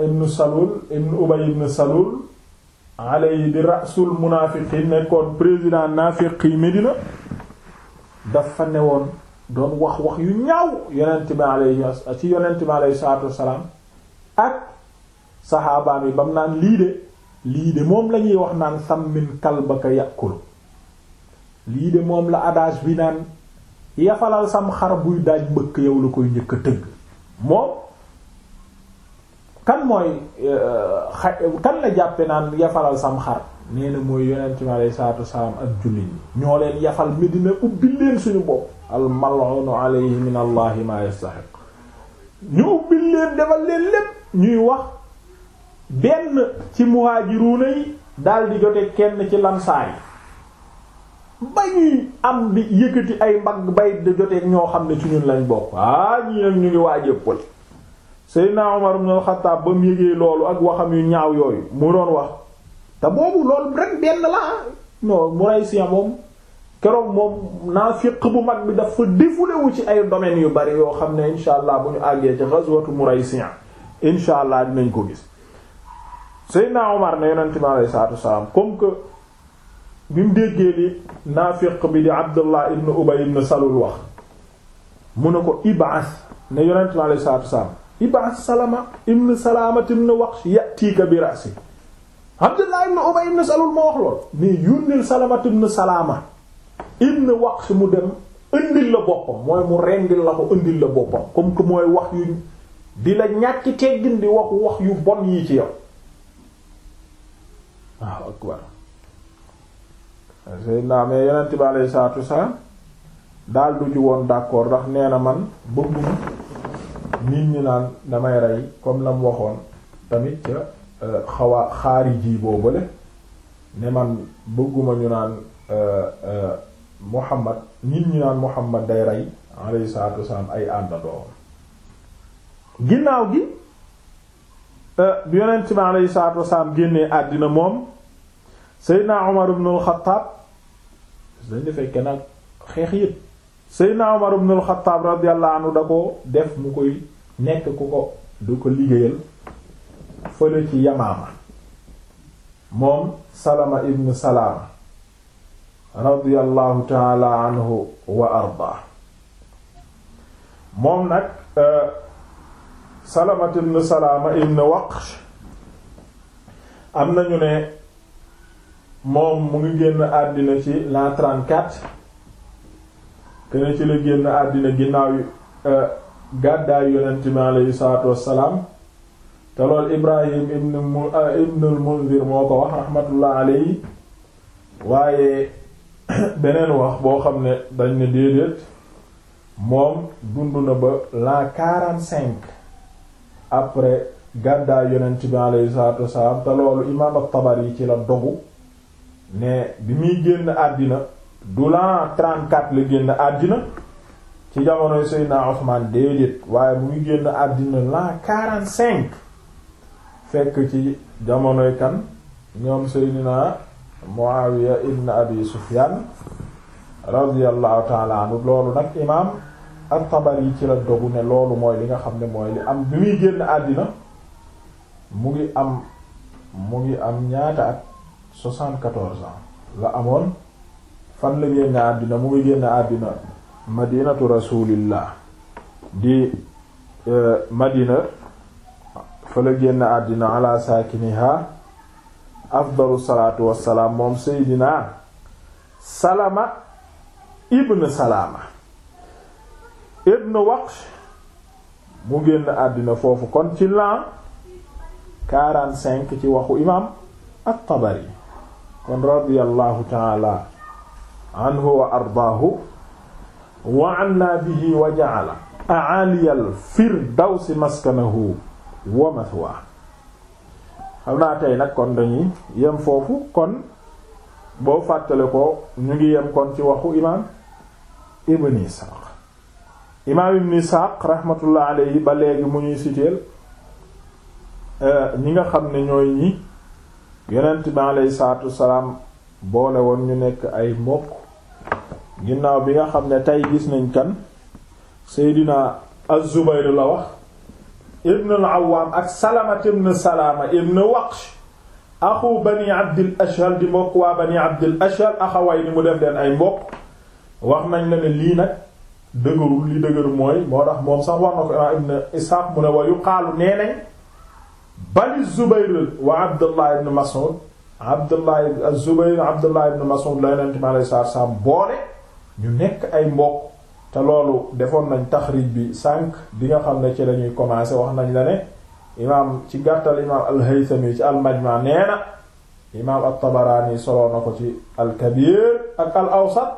ibn Salul ibn Ubay ibn Salul alayhi di rasul munaafiqiin nekkoon président naafiqi Medina dafa ne woon doon wax wax yu ñaaw yonent bi alayhi ci yonent bi alayhi salaatu wassalaam ak saxaabaam yi bam naan lii de lii de moom lañuy wax naan sàmmin kalbaka yàkkul lii de moom la adage bi naan yafalal sam xar buy daaj bëkk yow la koy njëkk a tëgg moom kan mooy euh, kan la jàppe naan yafalal sam xar nee na mooy yonent mi alayhi salaatu ak jullit ñi ñoo leen yafal Medina ubbi leen suñu bopp al mal'unu alayhi min allahi ma yastahiq ñu ubbi leen defal leen lépp ñuy wax benn ci muhaajiruuna yi daal jote kenn ci lansaar yi ba ñuy am bi ay mbagg bay di jote ñoo xam ne ci ñun lañ bokk ah ñii ñu ngi waaj ëppal Seydina Umar ibn al ba mu yëgee loolu ak waxam yu ñaaw yooyu mu doon wax te boobu loolu rek benn la ah. non Muraysiya moom keroog moom naafiq bu mag bi dafa défoulé wu ci ay domaines yu bari yoo xam ne insha allah bu ñu àggee ci ghazwatu Muraysiya insha allah dinañ ko gis Seydina Omar ne yonente bi alayhi salaatu wasalaam comme que bi mu déggee li naafiq bi di Abdullah ibn Ubay ibn Salul wax mu ne ko ibaas ne yonente bi alayhi salaatu wasalaam ibaas Salama ibn Salaamat ibn yatiika bi ra'si Abdullah ibn Ubay ibn Salul ma wax lool mais yónnil Salamat mu dem indil la boppam mooy mu rendil la ko indil la boppam comme que mooy wax yu di la ñàkk teggin di wax wax yu bon yi ci yow waaw akbar Seydina mais yonent bi alayhi salaatu wasalaam daal du ci woon d'accord ndax nee na man bëgguma nit ñi naan damay rey comme la mu waxoon tamit xawaa xaariji boobale ne man bëgguma ñu naan euh, euh, Muhammad nit ñu naan Muhammad day rey alayhi salaatu wasalaam ay àndandoowam ginnaaw gi euh, bi yonent bi alayhi salaatu wasalaam génnee àddina moom Seydina Umar ibn al-Khattab dañ defee kenn ak xeex yépp Seydina Umar ibn al-Khattab radiyallahu anhu da ko def mu koy nekk ku ko du ko liggéeyal fële ci yamaama moom salama ibn salaama radiyallahu taala anhu wa ardaa moom nag euh, salama ibn salaama ibn waqsh am nañu ne moom mu ngi génn àddina ci l'an 34 kene ci la génn àddina ginnaaw euh, gàddaay yonent bi aleyhi salaatu wassalaam te lool Ibrahim ah, ibn al-Munzir moo ko wax rahmatullah alayhi waaye beneen wax boo xam ne dañ ne déedéet moom dund na ba la quarante-cinq après gàddaay yonent bi alayhi salaatu wasalaam te loolu imaam at-Tabari ci la dogu ne bi muy génn àddina du l'an trente la génn àddina ci jamonoy Seydina Usmaan déedéet waaye mu ngi génn àddina l'an quarante-cinq fekk ci jamonoy kan ñoom Seydina Muawiya ibn Abi Sufyan radiyallahu taala loolu nag imaam at-Tabari ci la dogu ne loolu mooy li nga xam ne mooy li am bi muy génn àddina mu ngi am mu ngi am ñaata at soixante-quatorze ans la amoon fan la génn àddina mu ngi génn àddina madinatu rasulillah di eh, madina fa la génn àddina ala saakiniha afdalu salaatu wassalaam moom seydina salama ibn salama ibn waqsh mu génn àddina foofu kon ci l'an quarante-cinq ci waxu imaam at-Tabari kon radiyallahu taala anhu wa ardaahu wa anna bihi wa ja'ala a'aliyal firdawsi maskanahu wa mathwa xam naa tey nag kon dañuy yem foofu kon boo fàttale ko ñu ngi yem kon ci waxu imaam ibn Isaaq imaam ibn Isaaq rahmatullah alayhi ba léegi mu ñuy siteel eh, ñi nga xam ne ñooy ñi yonent bi alayhi salaam boole woon ñu nekk ay mbokk ginnaaw bi nga xam ne tey gis nañ kan Seydina Az-Zubayr la wax ibn al-Awwaam ak Salama ibn Salama ibn Waqsh axu bani Abdil Ashhal di mbokk waa bani Abdil Ashhal axaway ni mu def leen ay mbokk wax nañ la ne lii nag dëgërul li dëgër mooy moo tax moom sax war na ko imaam ibn Isxaaq mu ne wa yuqaalu nee nañ bani Zubayr wa Abdullah ibn Mas'ud Abdullah Zubayr Abdullah ibn Mas'ud la Yonent mi alayhi salaatu wa salaam boole ñu nekk ay mbokk te loolu defoon nañ taxrij bi sànq bi nga xam ne ci lañuy commencé wax nañ la ne imaam ci gàttal imaam al-Haythami ci al-Majma nee na imaam at-Tabarani soloo na ko ci al-Kabir ak al-Awsat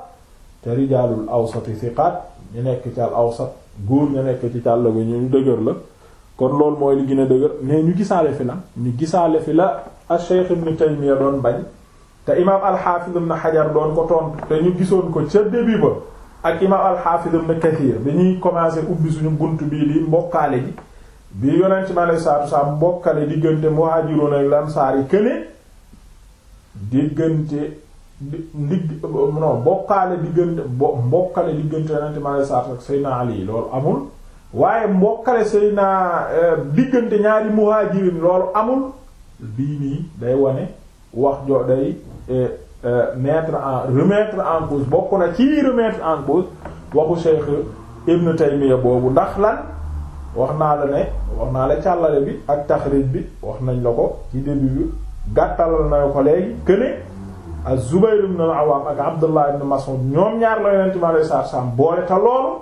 te rijaalul awsati thiqaat ñu nekk ci al-Awsat góor ñu nekk ci càll bi ñu dëgër la kon loolu mooy li gën a dëgër mais ñu gisaale fi la ñu gisaale fi la al-Shaykh Ibn Taymiyya doon bañ te imaam al-Hafiz Ibn Hajar doon ko tontu te ñu gisoon ko ca début ba ak imam al-Hafiz Kathir bi ñuy commencé ubbi suñu bunt bii di mbokkaale ji bi yonent mi alayhi salaatu wasalaam mbokkale diggante muhaajiroon ak lansaar yi këne diggante ndigg non bokkaale diggante mbokkale diggante yonent mi alayhi salaatu ak Seydina Ali loolu amul waaye mbokkale Seydina eh, diggante ñaari muhaajirin loolu amul bii nii day wane wax day eh, Euh, mettre en remettre en cause bokk na ci remettre en cause waxu Cheikh Ibn Taymiyya boobu ndax lan wax naa la ne wax naa la càllare bi ak taxrij bi wax nañ la ko ci début bi gàttalal na ko léegi këne az-Zubayr ibn al-Awwam ak Abdullah ibn ñoom ñaar la Yonent bi sallallahu alayhi wasallam boole te loolu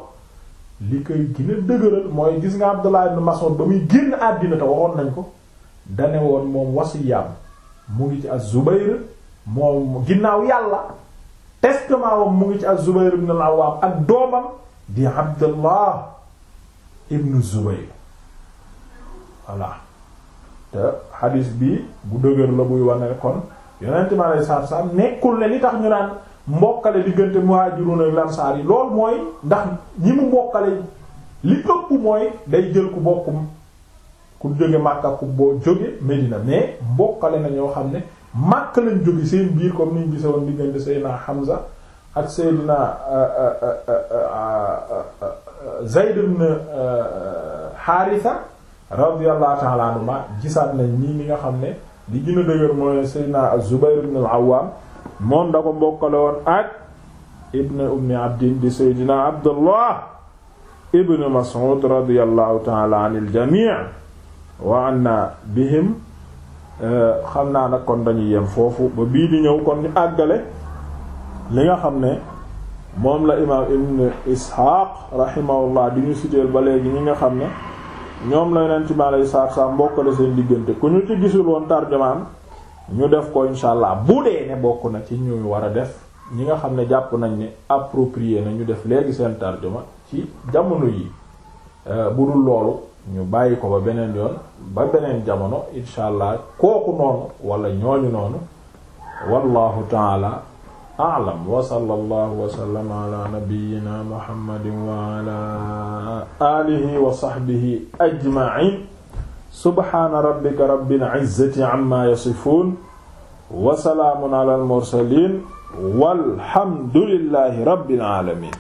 li koy gën a mooy gis nga Abdullah ibn ba muy génn àddina te waxoon nañ ko dane woon moom wasiyam mu ngi ci az-Zubayr moom ginnaaw yàlla testament wam mu ngi ci az-Zubayr ibn al-Awwam ak doomam di Abdullah ibn Zubayr voilà te xadis bi bu dëgër la buy wane kon yonent mi alayhi salaatu salaam nekkul ne li tax ñu naan mbokkale diggante muhaajiruun ak lansaar yi lool mooy ndax ñi mu mbokkale li ëpp mooy day jël ku bokku ku jóge Makka ku boo jóge Medina mais mbokkale na ñoo xam ne Makka lañ jóge seen biir comme niñ gisoon diggante Seydina Hamza ak Seydina euh, euh, euh, Zayd ibn Haritha radiyallahu ta'ala anhuma gisaat nañ nii nga xam ne li gën dëgër mooy Seydina Zubayr ibn al-Awwam moom da ko mbokkale woon ak ibn ummi abdin di Seydina Abdullah ibn Mas'ud radiyallahu ta'ala anil jami' wa anna bihim Euh, xam naa nag kon dañuy yem foofu ba bii di ñëw kon ñu àggale li nga xam ne moom la imaam ibn isxaaq rahimahullah di ñu siteel ba léegi ñi nga xam ne ñoom la neen ci malay saar sa mbokkale seen diggante ku ñu ci gisul woon tarjumaan ñu def ko insha allah bu dee ne bokk na ci ñuy war a def ñi nga xam ne jàpp nañ ne approprié na ñu def léegi seen tarjuma ci jamono yi euh, bu dul loolu ñu bàyyi ko ba beneen yoon ba beneen jamono insha allah kooku noonu wala ñooñu noonu wallahu taala a'lam wa sallallahu wa sallama ala nabiyyina muhammadin wa ala alihi wa sahbihi ajma'in subhana rabbika rabbil izzati amma yasifun wa salaamun ala al mursalin walhamdulillahi rabbil alamin